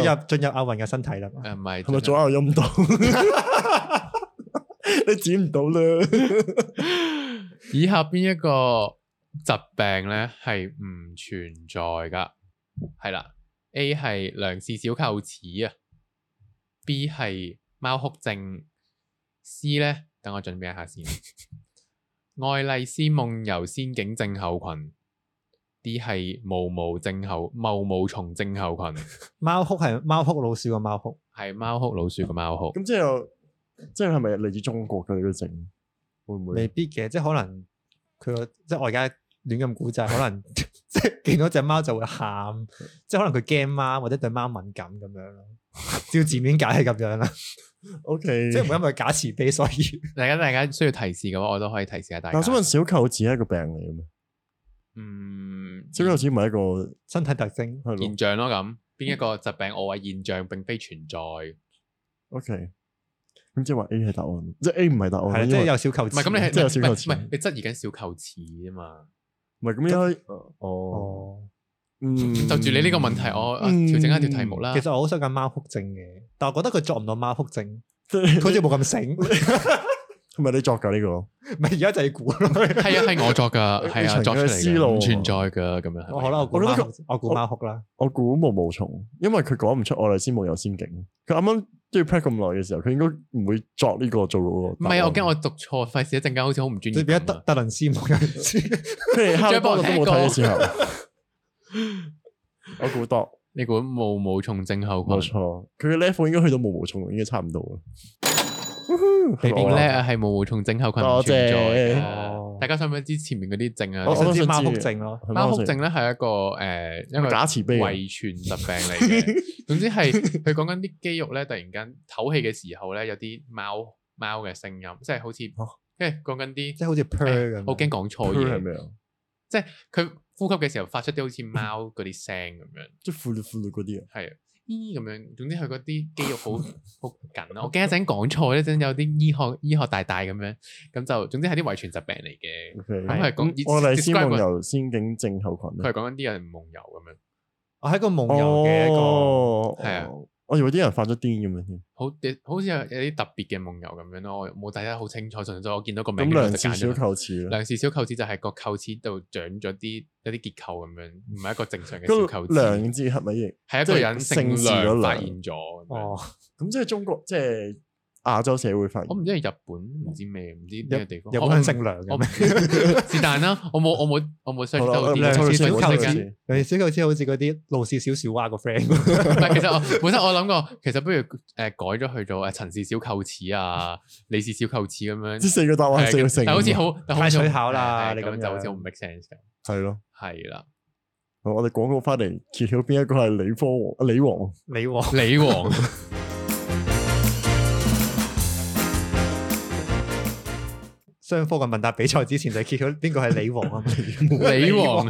入進、哦、入阿雲嘅身體啦。誒、啊，唔係，係咪左右陰動？ 你剪唔到啦。以下邊一個疾病咧係唔存在噶係啦，A 係梁氏小口齒啊，B 係貓哭症，C 咧等我準備一下先。 愛麗絲夢遊仙境症候群。啲係毛毛症候、毛毛蟲症候群。貓哭係貓哭老鼠嘅貓哭，係貓哭老鼠嘅貓哭。咁即係，即係係咪嚟自中國佢哋都整？會唔會？未必嘅，即係可能佢個，即係我而家亂咁估就係，可能即係 見到隻貓就會喊，即係可能佢驚貓或者對貓敏感咁樣。照字面解係咁樣啦。OK， 即係唔係因為假慈悲，所以大家大家需要提示嘅話，我都可以提示下大家。我想問小扣，只係一個病嚟嘅咩？嗯，小球齒唔係一個身體特徵現象咯，咁邊一個疾病惡化現象並非存在。O K，咁即係話 A 係答案，即係 A 唔係答案，係真係有小球齒。唔係咁，你係即有小球齒，唔係你質疑緊小球齒啊嘛？唔係咁，因為哦，就住你呢個問題，我調整一條題目啦。其實我好想揀貓腹症嘅，但係我覺得佢作唔到貓腹症，佢好似冇咁醒。係咪你作噶呢個？咪而家就係估咯。係 啊，係我作噶，係啊，作出思路，唔存 在噶，咁樣。我可能我估啦，我估貓哭啦，我估毛毛蟲。因為佢講唔出，我哋先冇有先警。佢啱啱都要 pack 咁耐嘅時候，佢應該唔會作呢個做咯。唔係，我驚我讀錯，費事一陣間好似好唔專業。你而家德德林斯冇嘅，即係哈囉都冇睇嘅時候。我估 多，你估毛毛蟲症候群？冇錯，佢嘅 level 應該去到毛毛蟲，應該差唔多啦。你好叻啊！係毛毛蟲症候群存在，大家想唔想知前面嗰啲症啊？我想知貓哭症咯，貓哭症咧係一個誒，因為遺傳疾病嚟嘅。總之係佢講緊啲肌肉咧，突然間唞氣嘅時候咧，有啲貓貓嘅聲音，即係好似，因為講緊啲，即係好似 per 咁。我驚講錯嘢係咪？即係佢呼吸嘅時候發出啲好似貓嗰啲聲咁樣，即係呼嚕呼嚕嗰啲啊。咦，咁樣，總之佢嗰啲肌肉好好緊咯，我驚一陣講錯，一陣有啲醫學醫學大大咁樣，咁就總之係啲遺傳疾病嚟嘅。咁係講我嚟，先夢遊先警症候群，佢係講緊啲人夢遊咁樣，我夢遊一，夢遊，啊、一個夢遊嘅一個系、oh. 啊。我以為啲人發咗癲咁樣添，好好似有有啲特別嘅夢遊咁樣咯，我冇睇得好清楚，純粹我見到個名咁，梁氏小扣子，梁氏小扣子就係個扣子度長咗啲有啲結構咁樣，唔係一個正常嘅小扣子。咁梁氏係咪型？係一個人姓梁發現咗？哦，咁即係中國即係。亞洲社會發我唔知係日本，唔知咩，唔知咩地方。有冇姓梁嘅咩？是但啦，我冇，我冇，我冇識到啲小扣子，有啲好似嗰啲路是小小蛙個 friend。其實我本身我諗過，其實不如誒改咗去做誒陳氏小扣子啊，李氏小扣子咁樣。即四個答案四個姓，但好似好好出考啦。你咁就好似好唔 make sense。係咯，係啦。我我哋廣告翻嚟，揭曉邊一個係李科王啊？李王，李王，李王。雙科嘅問答比賽，之前就揭曉邊個係李王啊？李王，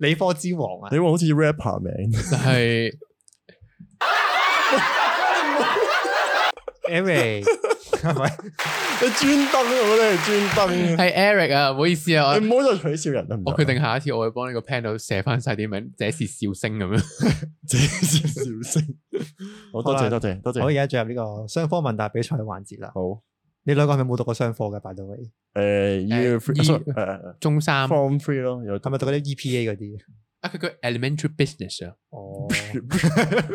李科之王啊！李王好似 rapper 名，但係 Eric 係咪？你專登我覺得係專登，係 Eric 啊！唔好意思啊，你唔好再取笑人啦！我決定下一次我會幫呢個 panel 寫翻晒啲名，這是笑聲咁樣，這是笑聲。好多謝多謝多謝，好而家進入呢個雙科問答比賽嘅環節啦，好。你兩個係咪冇讀過商科嘅？擺到位。誒，中三 form three 咯、uh, oh.，係咪讀嗰啲 EPA 嗰啲？啊，佢叫 Elementary Business。啊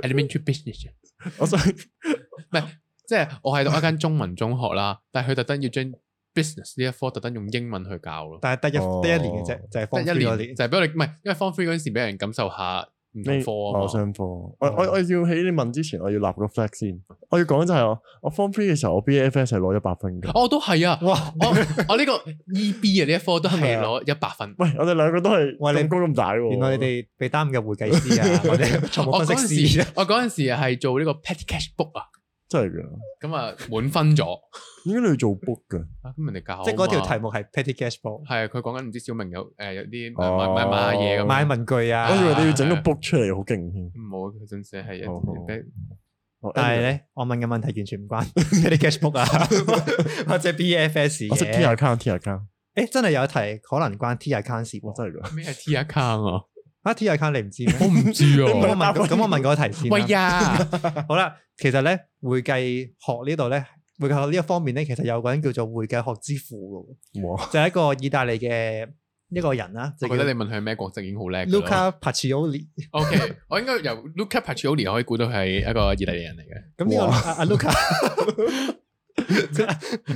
Elementary Business，啊！我想唔係，即係我係讀一間中文中學啦，但係佢特登要將 business 呢一科特登用英文去教咯。但係得一得、哦、一年嘅啫，就係 form three 嗰年，就係、是、俾我哋，唔係，因為 form three 嗰陣時俾人感受下。科啊，上課我上科、嗯，我我我要喺你問之前，我要立個 flag 先，我要講就係我我 form three 嘅時候，我 BFS 係攞一百分嘅、哦，我都係啊，哇，我我呢個 E B 啊，呢一科都係攞一百分，喂，我哋兩個都係、啊，喂，你高咁大嘅，原來你哋被擔任嘅會計師啊，或者財務師啊，我嗰陣時，我陣時係做呢個 petty cash book 啊。真係噶，咁啊，滿分咗，點解你要做 book 噶咁人哋教，即係嗰條題目係 Petty Cash Book，係佢講緊唔知小明有誒有啲買買買嘢，咁，買文具啊，我以為你要整個 book 出嚟，好勁添，冇，佢想寫係一筆，但係咧我問嘅問題完全唔關 Petty Cash Book 啊，或者 BFS 嘢，我識 T account T account，誒真係有一題可能關 T account 事，真係噶，咩係 T account 啊？啊！T account 你唔知咩？我唔知啊！咁我問，咁我問個題先啦。喂呀！好啦，其實咧，會計學呢度咧，會計學呢一方面咧，其實有個人叫做會計學之父噶，就係一個意大利嘅一個人啦。我覺得你問佢咩國籍已經好叻。Luca Pacioli。O K，我應該由 Luca Pacioli 可以估到係一個意大利人嚟嘅。咁呢個阿 Luca？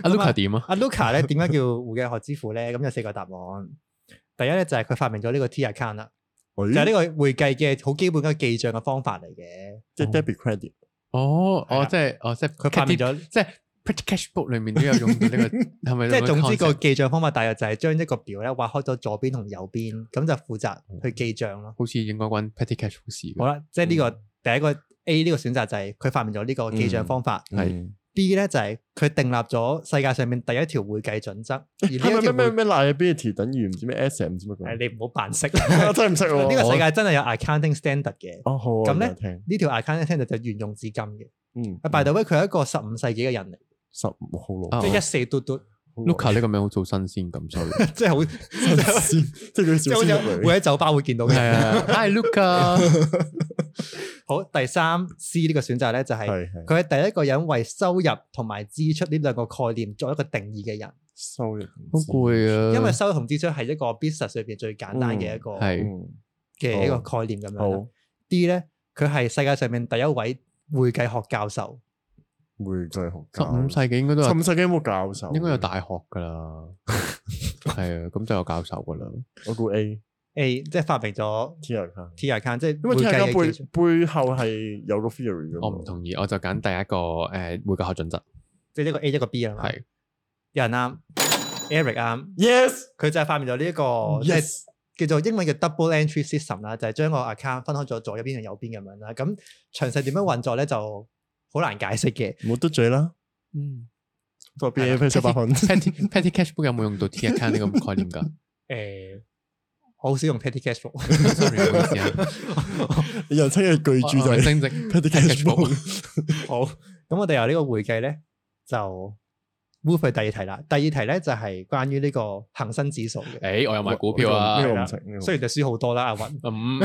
阿 Luca 點啊？阿 Luca 咧點解叫會計學之父咧？咁有四個答案。第一咧就係佢發明咗呢個 T account 啦。哎、就係呢個會計嘅好基本嘅記帳嘅方法嚟嘅，即係 Debit Credit。哦哦，即係哦即係佢發明咗，即係 Petty Cash Book 裏面都有用呢個，係咪？即係總之個記帳方法，大約就係將一個表咧劃開咗左邊同右邊，咁就負責去記帳咯、嗯。好似應該講 Petty Cash Book 事。好啦吧，嗯、即係呢個第一個 A 呢個選擇就係佢發明咗呢個記帳方法係。嗯嗯 B 咧就係佢訂立咗世界上面第一條會計準則，而呢條咩咩咩 Liability 等於唔知咩 SM 唔知乜鬼。你唔好扮識，我真係唔識喎。呢個世界真係有 Accounting Standard 嘅。哦好。咁咧呢條 Accounting Standard 就沿用至今嘅。嗯。By the way 佢係一個十五世紀嘅人嚟。十五好耐。即係一四嘟嘟。Luka 呢個名好做新鮮咁，所以即係好新，即係好似會喺酒吧會見到嘅。係啊。Hi，Luka。好，第三 C 呢個選擇咧，就係佢係第一個人為收入同埋支出呢兩個概念作一個定義嘅人。收入好攰啊！因為收入同支出係一個 business 上邊最簡單嘅一個嘅一個概念咁樣啦。好，D 咧，佢係世界上面第一位會計學教授。會計學教授？十五世紀應該都有。十五世紀冇教授，應該有大學㗎啦。係啊，咁就有教授㗎啦。我估 A。A 即係發明咗 T account，T account 即係，因為 T account 背背後係有個 theory 嘅。我唔同意，我就揀第一個誒，會計學準則，即係一個 A 一個 B 啦。係有人啱，Eric 啱，Yes，佢就係發明咗呢一個 Yes 叫做英文嘅 double entry system 啦，就係將個 account 分開咗左一邊同右邊咁樣啦。咁詳細點樣運作咧，就好難解釋嘅。冇嘟嘴啦，嗯，做 B A P 就唔好。Petty Petty Cash book 不嬲冇用到 T account 呢個概念噶。誒。我好少用 petty cash book，你又真係巨住就係升值。petty cash book。好，咁我哋由呢個會計咧就 move 去第二題啦。第二題咧就係關於呢個恒生指數嘅。誒，我有買股票啊，雖然就輸好多啦，阿雲。唔，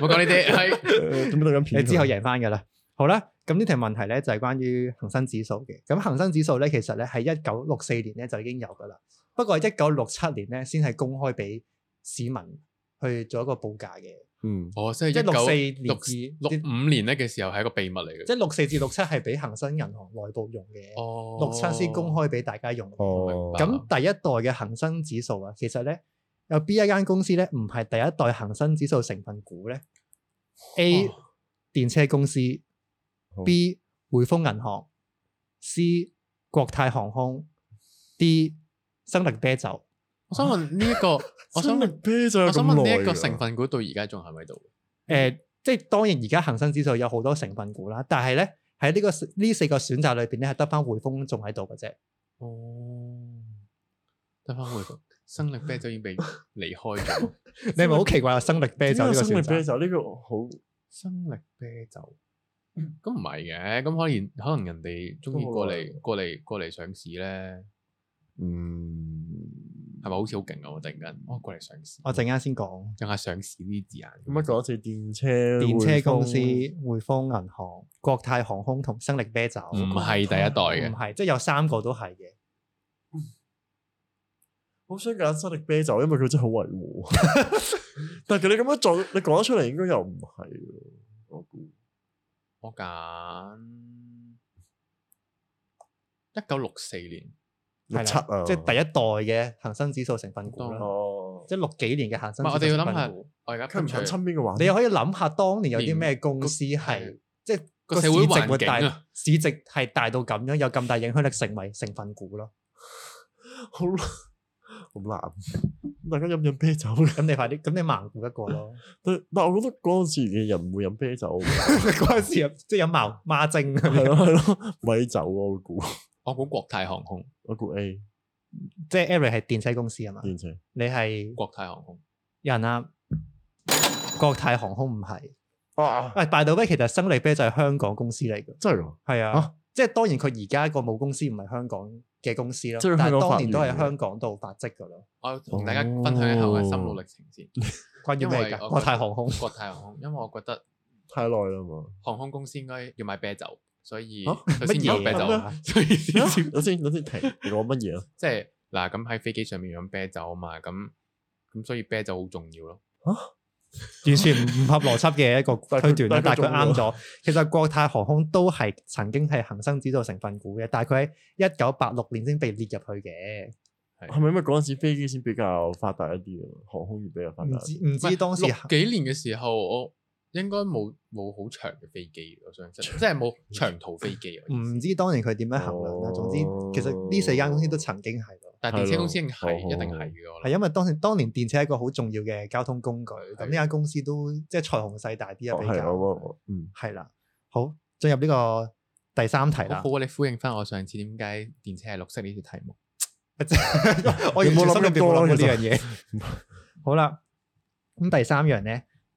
我講呢啲係咁你之後贏翻噶啦。好啦，咁呢題問題咧就係關於恒生指數嘅。咁恒生指數咧其實咧係一九六四年咧就已經有噶啦。不過一九六七年咧先係公開俾。市民去做一個報價嘅，嗯，哦，即係六四六二六五年咧嘅時候係一個秘密嚟嘅，即係六四至六七係俾恒生銀行內部用嘅，六七先公開俾大家用。咁、哦、第一代嘅恒生指數啊，其實咧有邊一間公司咧唔係第一代恒生指數成分股咧？A、哦、電車公司、哦、B 匯豐銀行，C 國泰航空，D 生力啤酒。我想問呢、這、一個，啊、我想問生力啤酒，我想問呢一個成分股到而家仲係咪度？誒、嗯呃，即係當然而家恒生指數有好多成分股啦，但係咧喺呢、這個呢四個選擇裏邊咧，係得翻匯豐仲喺度嘅啫。哦、嗯，得翻匯豐，生力啤酒已經畀離開咗。 你係咪好奇怪啊？生力啤酒呢個選擇，呢個好生力啤酒，咁唔係嘅，咁、嗯、可能可能人哋中意過嚟過嚟過嚟上市咧，嗯。係咪好似好勁啊？我突然間，我過嚟上市。我陣間先講，仲係上市呢啲字眼。咁樣，講一次電車，電車公司、匯豐銀行、國泰航空同生力啤酒。唔係第一代嘅，唔係，即係有三個都係嘅。好、嗯、想揀生力啤酒，因為佢真係好維護。 但係你咁樣做，你講得出嚟應該又唔係咯。我估我揀一九六四年。六七啊，即係第一代嘅恒生指數成分股啦，即係六幾年嘅恒生指數，我哋要諗下，我而家佢唔想親邊嘅話，你又可以諗下當年有啲咩公司係即係個市值會大，市值係大到咁樣，有咁大影響力成為成分股咯。好難，大家飲唔飲啤酒？咁你快啲，咁你盲估一個咯。但係我覺得嗰陣時嘅人唔會飲啤酒，嗰陣時即係飲茅孖精啊，係咯，米酒啊我估。我估國泰航空，我估 A，即係 Eric 係電車公司啊嘛，電車，你係國泰航空，有人啊？國泰航空唔係，哦 by the way 其實生力啤就係香港公司嚟嘅。真係喎，係啊，即係當然佢而家個母公司唔係香港嘅公司咯，但係當年都係香港度發跡噶咯。我要同大家分享一下我嘅心路歷程先，關於咩噶？國泰航空，國泰航空，因為我覺得太耐啦嘛，航空公司應該要買啤酒。所以先有啤酒？首先、啊，首先提你講乜嘢咯？即係嗱，咁喺、 就是、飛機上面飲啤酒啊嘛，咁咁所以啤酒好重要咯。啊、完全唔合邏輯嘅一個推斷， 但係佢啱咗。其實國泰航空都係曾經係恒生指數成分股嘅，但係佢喺一九八六年先被列入去嘅。係咪因為嗰陣時飛機先比較發達一啲？航空業比較發達。唔知唔知是當時幾年嘅時候我。應該冇冇好長嘅飛機，我相信即係冇長途飛機。唔 知當年佢點樣衡量啦。哦、總之，其實呢四間公司都曾經係，哦、但係電車公司、哦、一定係，一定係嘅。因為當年、哦、當年電車係一個好重要嘅交通工具，咁呢間公司都即係財雄勢大啲啊，比較、哦、嗯係啦。好，進入呢個第三題啦。好，你呼應翻我上次點解電車係綠色呢啲題目？ 我冇諗過呢樣嘢。有有 好啦，咁第三樣咧。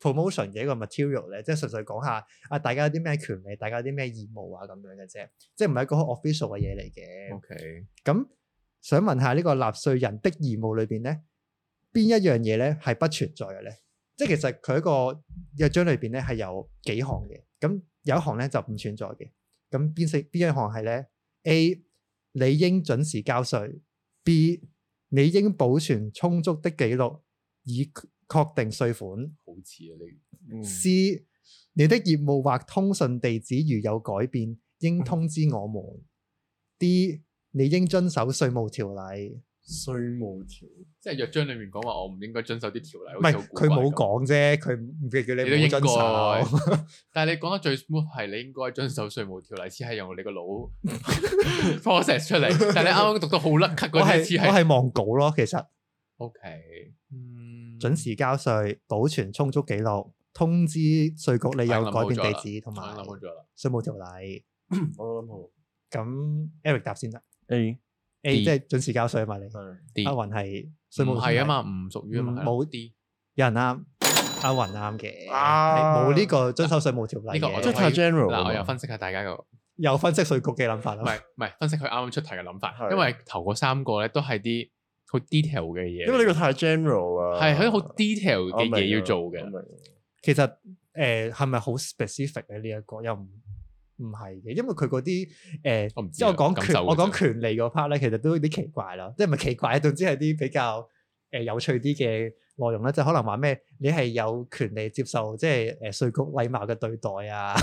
promotion 嘅一個 material 咧，即係純粹講下啊，大家有啲咩權利，大家有啲咩義務啊咁樣嘅啫，即係唔係一個好 official 嘅嘢嚟嘅。OK，咁想問下呢個納稅人的義務裏邊咧，邊一樣嘢咧係不存在嘅咧？即係其實佢一個約章裏邊咧係有幾項嘅，咁有一項咧就唔存在嘅。咁邊識邊樣項係咧？A，你應準時交稅；B，你應保存充足的記錄以確定稅款，好似啊你。C，你的業務或通訊地址如有改變，應通知我們。D，你應遵守稅務條例。稅務條例即係約章裏面講話，我唔應該遵守啲條例。唔係佢冇講啫，佢唔叫你冇遵守。但係你講得最酸係，你應該遵守稅務條例，只係用你個腦 process 出嚟。但係你啱啱讀到好甩咳嗰啲，我係我係望稿咯，其實。O K。準時交稅，保存充足記錄，通知稅局你有改變地址，同埋稅務條例。我諗好。咁 Eric 答先啦。A A 即係準時交稅啊嘛，你。阿雲係稅務條例。係啊嘛，唔屬於啊嘛。冇 D，有人啱，阿雲啱嘅。啱。冇呢個遵守稅務條例嘅。呢個我。真太 general。嗱，我又分析下大家個。又分析稅局嘅諗法啦。唔係唔係，分析佢啱啱出題嘅諗法。因為頭嗰三個咧都係啲。好 detail 嘅嘢，因為呢個太 general 啊，係佢好 detail 嘅嘢要做嘅。其實誒係咪好 specific 咧？呢一個又唔唔係嘅，因為佢嗰啲誒，即係我講權，我講權利嗰 part 咧，其實都有啲奇怪啦。即係咪奇怪咧？總之係啲比較誒有趣啲嘅內容咧，就可能話咩？你係有權利接受即係誒稅局禮貌嘅對待啊！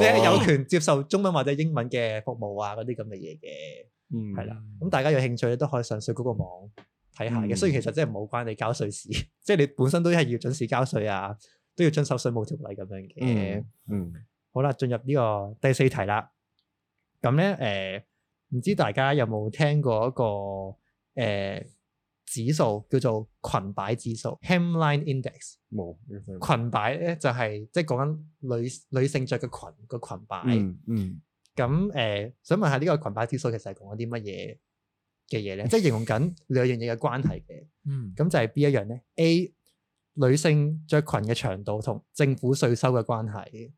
你係有權接受中文或者英文嘅服務啊！嗰啲咁嘅嘢嘅。嗯，係啦，咁大家有興趣咧都可以上水嗰個網睇下嘅。所以、嗯、其實係 即係冇關你交稅事，即係你本身都係要準時交稅啊，都要遵守稅務條例咁樣嘅、嗯。嗯，好啦，進入呢個第四題啦。咁咧，誒、呃，唔知大家有冇聽過一個誒、呃、指數叫做裙擺指數、嗯、hemline index）？冇，裙擺咧就係即係講緊女女性着嘅裙個裙擺。嗯。咁誒，想問下呢個裙擺指數其實係講緊啲乜嘢嘅嘢咧？即係形容緊兩樣嘢嘅關係嘅。嗯，咁就係邊一樣咧，A，女性著裙嘅長度同政府稅收嘅關係。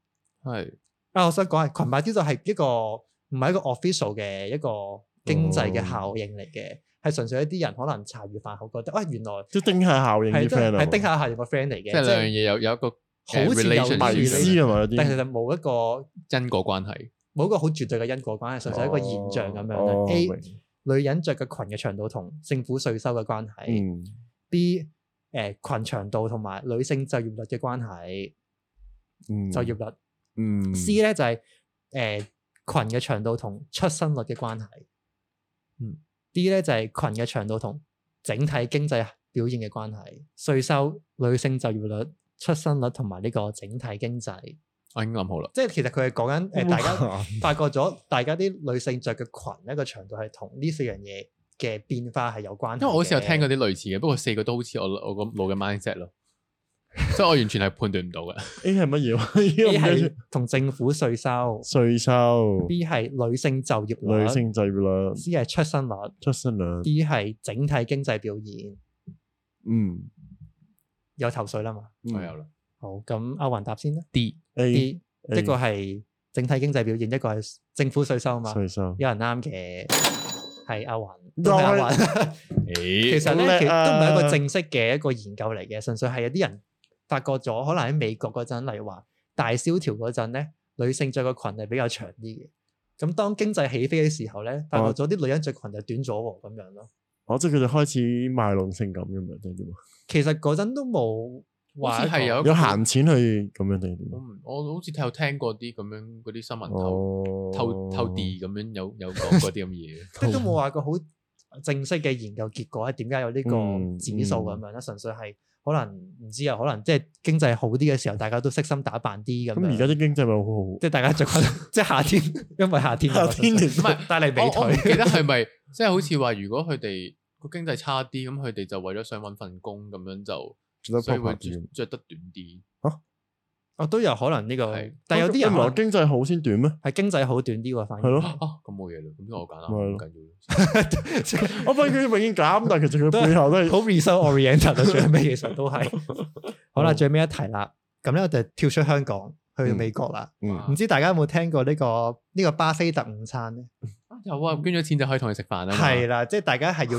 係。啊，我想講下裙擺指數係一個唔係一個 official 嘅一個經濟嘅效應嚟嘅，係純粹一啲人可能茶餘飯後覺得，哇，原來都丁蟹效應。係，係丁蟹效應個 friend 嚟嘅。即係兩樣嘢有有一個好似有意思啊嘛，但係其實冇一個因果關係。冇一個好絕對嘅因果關係，純粹係一個現象咁樣、哦、A，女人着嘅裙嘅長度同政府稅收嘅關係。嗯、B，誒、呃、裙長度同埋女性就業率嘅關係。嗯、就業率。嗯。C 咧就係、是、誒、呃、裙嘅長度同出生率嘅關係。嗯。D 咧就係、是、裙嘅長度同整體經濟表現嘅關係。稅收、女性就業率、出生率同埋呢個整體經濟。我已經諗好啦，即係其實佢係講緊誒，大家發覺咗大家啲女性着嘅裙一個長度係同呢四樣嘢嘅變化係有關係。因為我好似有聽過啲類似嘅，不過四個都好似我我個老嘅 mindset 咯，即 以我完全係判斷唔到嘅。A 係乜嘢？A 係同政府稅收、稅收。B 係女性就業率，女性就業率。C 係出生率，出生率。D 係整體經濟表現。嗯，有頭緒啦嘛？嗯，有啦。好，咁阿雲答先啦。D A，, A 一個係整體經濟表現，一個係政府稅收嘛。收有人啱嘅，係阿雲，都係阿雲。欸、 其實咧呢，啊、其實都唔係一個正式嘅一個研究嚟嘅，純粹係有啲人發覺咗，可能喺美國嗰陣，例如話大蕭條嗰陣咧，女性着個裙係比較長啲嘅。咁當經濟起飛嘅時候咧，發覺咗啲女人着裙就短咗喎，咁、啊、樣咯、啊。哦，即係佢就開始賣弄性感咁樣 其實嗰陣都冇。好似係有有閒錢去咁樣定、嗯、我好似有聽過啲咁樣嗰啲新聞，哦、透透透地咁樣有有講過啲咁嘢，即都冇話個好正式嘅研究結果，點解有呢個指數咁樣咧？嗯、純粹係可能唔知啊，可能即係經濟好啲嘅時候，大家都悉心打扮啲咁樣。而家啲經濟咪好好？即係大家著翻， 即係夏天，因為夏天。夏天唔係帶嚟美腿。我，我，我記得係咪即係好似話，如果佢哋個經濟差啲，咁佢哋就為咗想揾份工咁樣就。所以會著得短啲嚇，哦都有可能呢個，但有啲人唔係經濟好先短咩？係經濟好短啲喎，反而係咯，咁冇嘢啦，咁好簡單，唔緊要。我發現佢明顯假，但其實佢背後都係好 responsible 嘅，做咩嘢其實都係。好啦，最尾一題啦，咁咧我就跳出香港去美國啦。唔知大家有冇聽過呢個呢個巴菲特午餐咧？有啊，捐咗錢就可以同你食飯啦。係啦，即係大家係要，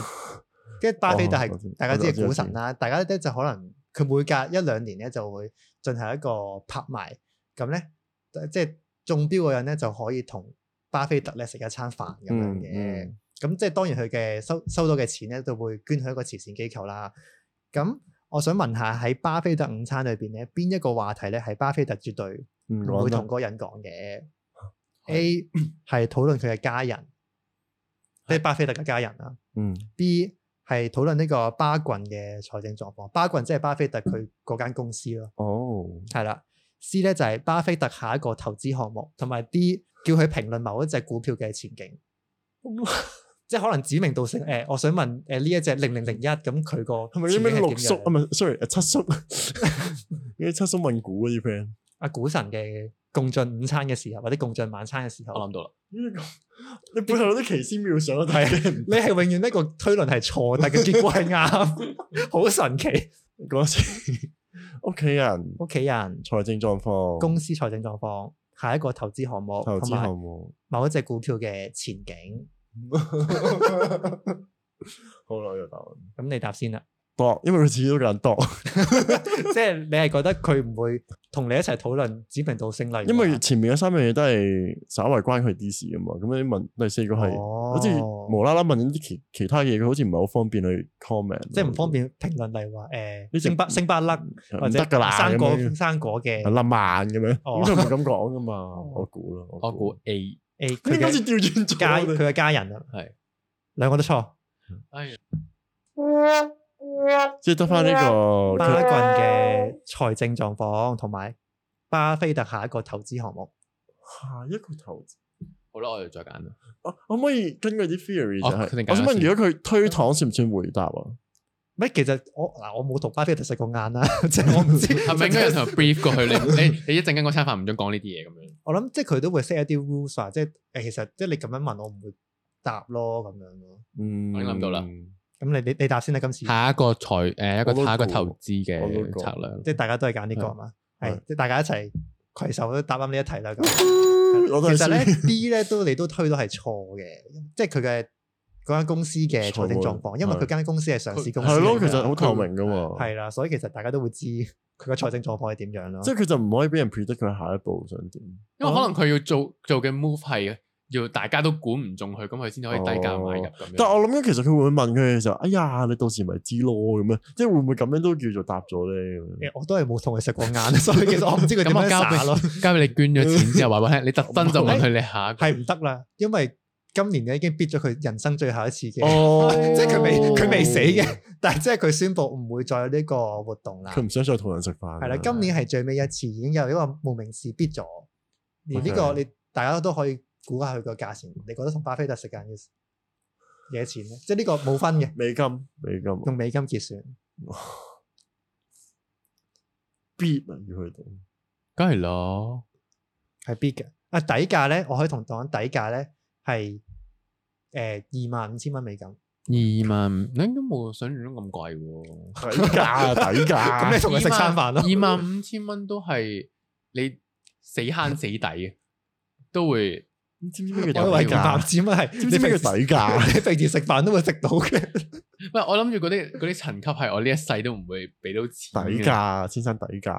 即係巴菲特係大家知嘅股神啦，大家咧就可能。佢每隔一兩年咧就會進行一個拍賣，咁咧即係中標嗰人咧就可以同巴菲特咧食一餐飯咁樣嘅。咁、嗯嗯、即係當然佢嘅收收到嘅錢咧都會捐去一個慈善機構啦。咁我想問下喺巴菲特午餐裏邊咧，邊一個話題咧係巴菲特絕對唔會同嗰個人講嘅、嗯嗯、？A 係討論佢嘅家人。即、就、係、是、巴菲特嘅家人啊。嗯。B 係討論呢個巴郡嘅財政狀況，巴郡即係巴菲特佢嗰間公司咯。哦，係啦。C 咧就係巴菲特下一個投資項目，同埋 D 叫佢評論某一隻股票嘅前景。Oh. 即係可能指名道姓誒，我想問誒、呃、呢一隻零零零一咁佢個係咪啲咩六叔啊？唔係，sorry 七叔啲 七叔問股嗰啲 friend。阿股神嘅共進午餐嘅時候，或者共進晚餐嘅時候，我諗到啦。 你本來有啲奇思妙想咯，但係你係永遠呢個推論係錯， 但嘅結果係啱，好神奇。嗰時屋企人，屋企人財政狀況，公司財政狀況，下一個投資項目，投資項目，是是某一隻股票嘅前景。 好耐就答，咁你答先啦。因為佢自己都咁多，即係你係覺得佢唔會同你一齊討論指名道姓。因為前面嘅三樣嘢都係稍微關佢啲事啊嘛，咁你問第四個係，哦、好似無啦啦問啲其其他嘢，佢好似唔係好方便去 comment，即係唔方便評論，例如話誒，星巴、欸、是星伯粒或者啦生果生果嘅林萬嘅咩？咁佢唔敢講噶嘛，我估咯。我估猜 A A，佢今次調轉咗佢嘅家人啊，係兩個都錯。即係得翻呢個巴棍嘅財政狀況，同埋巴菲特下一個投資項目。下一個投資，好啦，我哋再揀啦、啊。我可唔可以根據啲 theory？我想問，如果佢推堂算唔算回答啊？咩？其實我嗱，我冇同巴菲特食過晏啦，即係我唔知係咪應該有同 brief 過去。你你你一陣間嗰餐飯唔准講呢啲嘢咁樣。我諗即係佢都會 set 一啲 rule，即係誒，其實即係你咁樣問我唔會答咯，咁樣咯。嗯，我已經諗到啦。咁你你你答先啦，今次下一個財誒一個下一個投資嘅策略，即係大家都係揀呢個係嘛？係即係大家一齊攜手都答啱呢一題啦。咁其實咧 B 咧都你都推到係錯嘅，即係佢嘅嗰間公司嘅財政狀況，因為佢間公司係上市公司係咯，其實好透明㗎嘛。係啦，所以其實大家都會知佢嘅財政狀況係點樣咯。即係佢就唔可以俾人 predict 佢下一步想點，因為可能佢要做做嘅 move 係。要大家都管唔中佢，咁佢先可以低價買入。但係我諗，其實佢會唔會問佢嘅時候，哎呀，你到時咪知咯咁樣，即係會唔會咁樣都叫做答咗咧？我都係冇同佢食過晏，所以其實我唔知佢點樣交咯。交俾你捐咗錢之後話俾你聽，你特登就問佢你下係唔得啦，因為今年嘅已經逼咗佢人生最後一次嘅，即係佢未佢未死嘅，但係即係佢宣布唔會再有呢個活動啦。佢唔想再同人食飯。係啦，今年係最尾一次，已經有一個無名氏逼咗，連呢個你大家都可以。估下佢個價錢，你覺得同巴菲特食緊嘅幾多錢咧？即係呢個冇分嘅美金，美金、啊、用美金結算必啊要去到，梗係啦，係 big 嘅啊，底價咧，我可以同講底價咧係誒二萬五千蚊美金，二萬，你應該冇想像中咁貴喎，底價，底價、 啊，咁你同佢食餐飯咯，二萬五千蚊都係你死慳死抵嘅，都會。知唔知咩叫底價？只乜係？你俾佢底價， 你平時食飯 都， 都會食到嘅。唔係，我諗住嗰啲嗰啲層級係我呢一世都唔會俾到錢。底價，先生底價。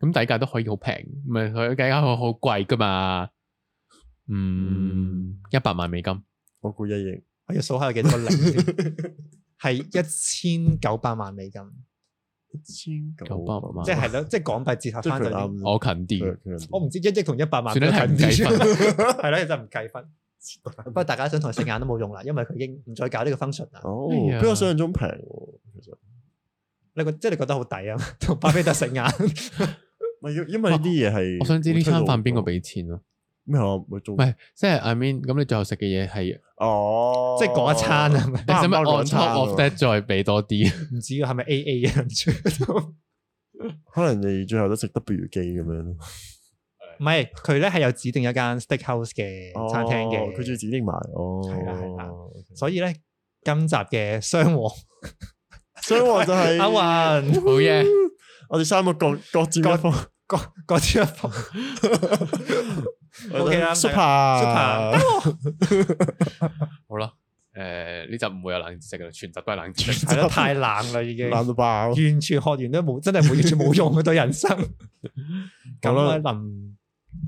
咁底價都可以好平，唔係佢底價好好貴噶嘛？嗯，一百萬美金，我估一億。我要數下有幾多零，係一千九百萬美金。一千九百萬，即係咯，即係港幣折合翻就我近啲，我唔知一即同一百萬，算得近啲。唔計分，係咯，就唔計分。不過大家想同佢食晏都冇用啦，因為佢已經唔再搞呢個 function 啦。哦，比我想象中平喎。其實。你覺即係你覺得好抵啊？同巴菲特食晏？咪要因為呢啲嘢係。我想知呢餐飯邊個俾錢咯？咩我唔會做？唔係，即係 I mean，咁你最後食嘅嘢係哦，即係嗰一餐啊？你使唔使 on top of that 再俾多啲？唔知啊，係咪 AA 啊？可能你最後都食 w o 咁樣咯。唔係，佢咧係有指定一間 Steakhouse 嘅餐廳嘅，佢仲要指定埋哦，係啊，係啊。所以咧今集嘅雙王，雙王就係阿雲好嘢，我哋三個各各佔一方，各各佔一方。O K 啦，Super，好啦，誒，呢集唔會有冷知識噶啦，全集都係冷知識，係太冷啦已經，冷到爆，完全學完都冇，真係完全冇用啊對人生。咁啊，臨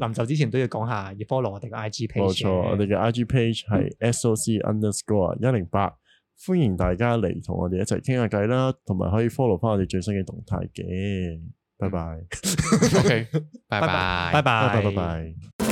臨走之前都要講下要 follow 我哋嘅 I G page，冇錯，我哋嘅 I G page 係 S O C underscore 一零八，歡迎大家嚟同我哋一齊傾下偈啦，同埋可以 follow 翻我哋最新嘅動態嘅，拜拜，O K 拜拜，拜拜，拜拜。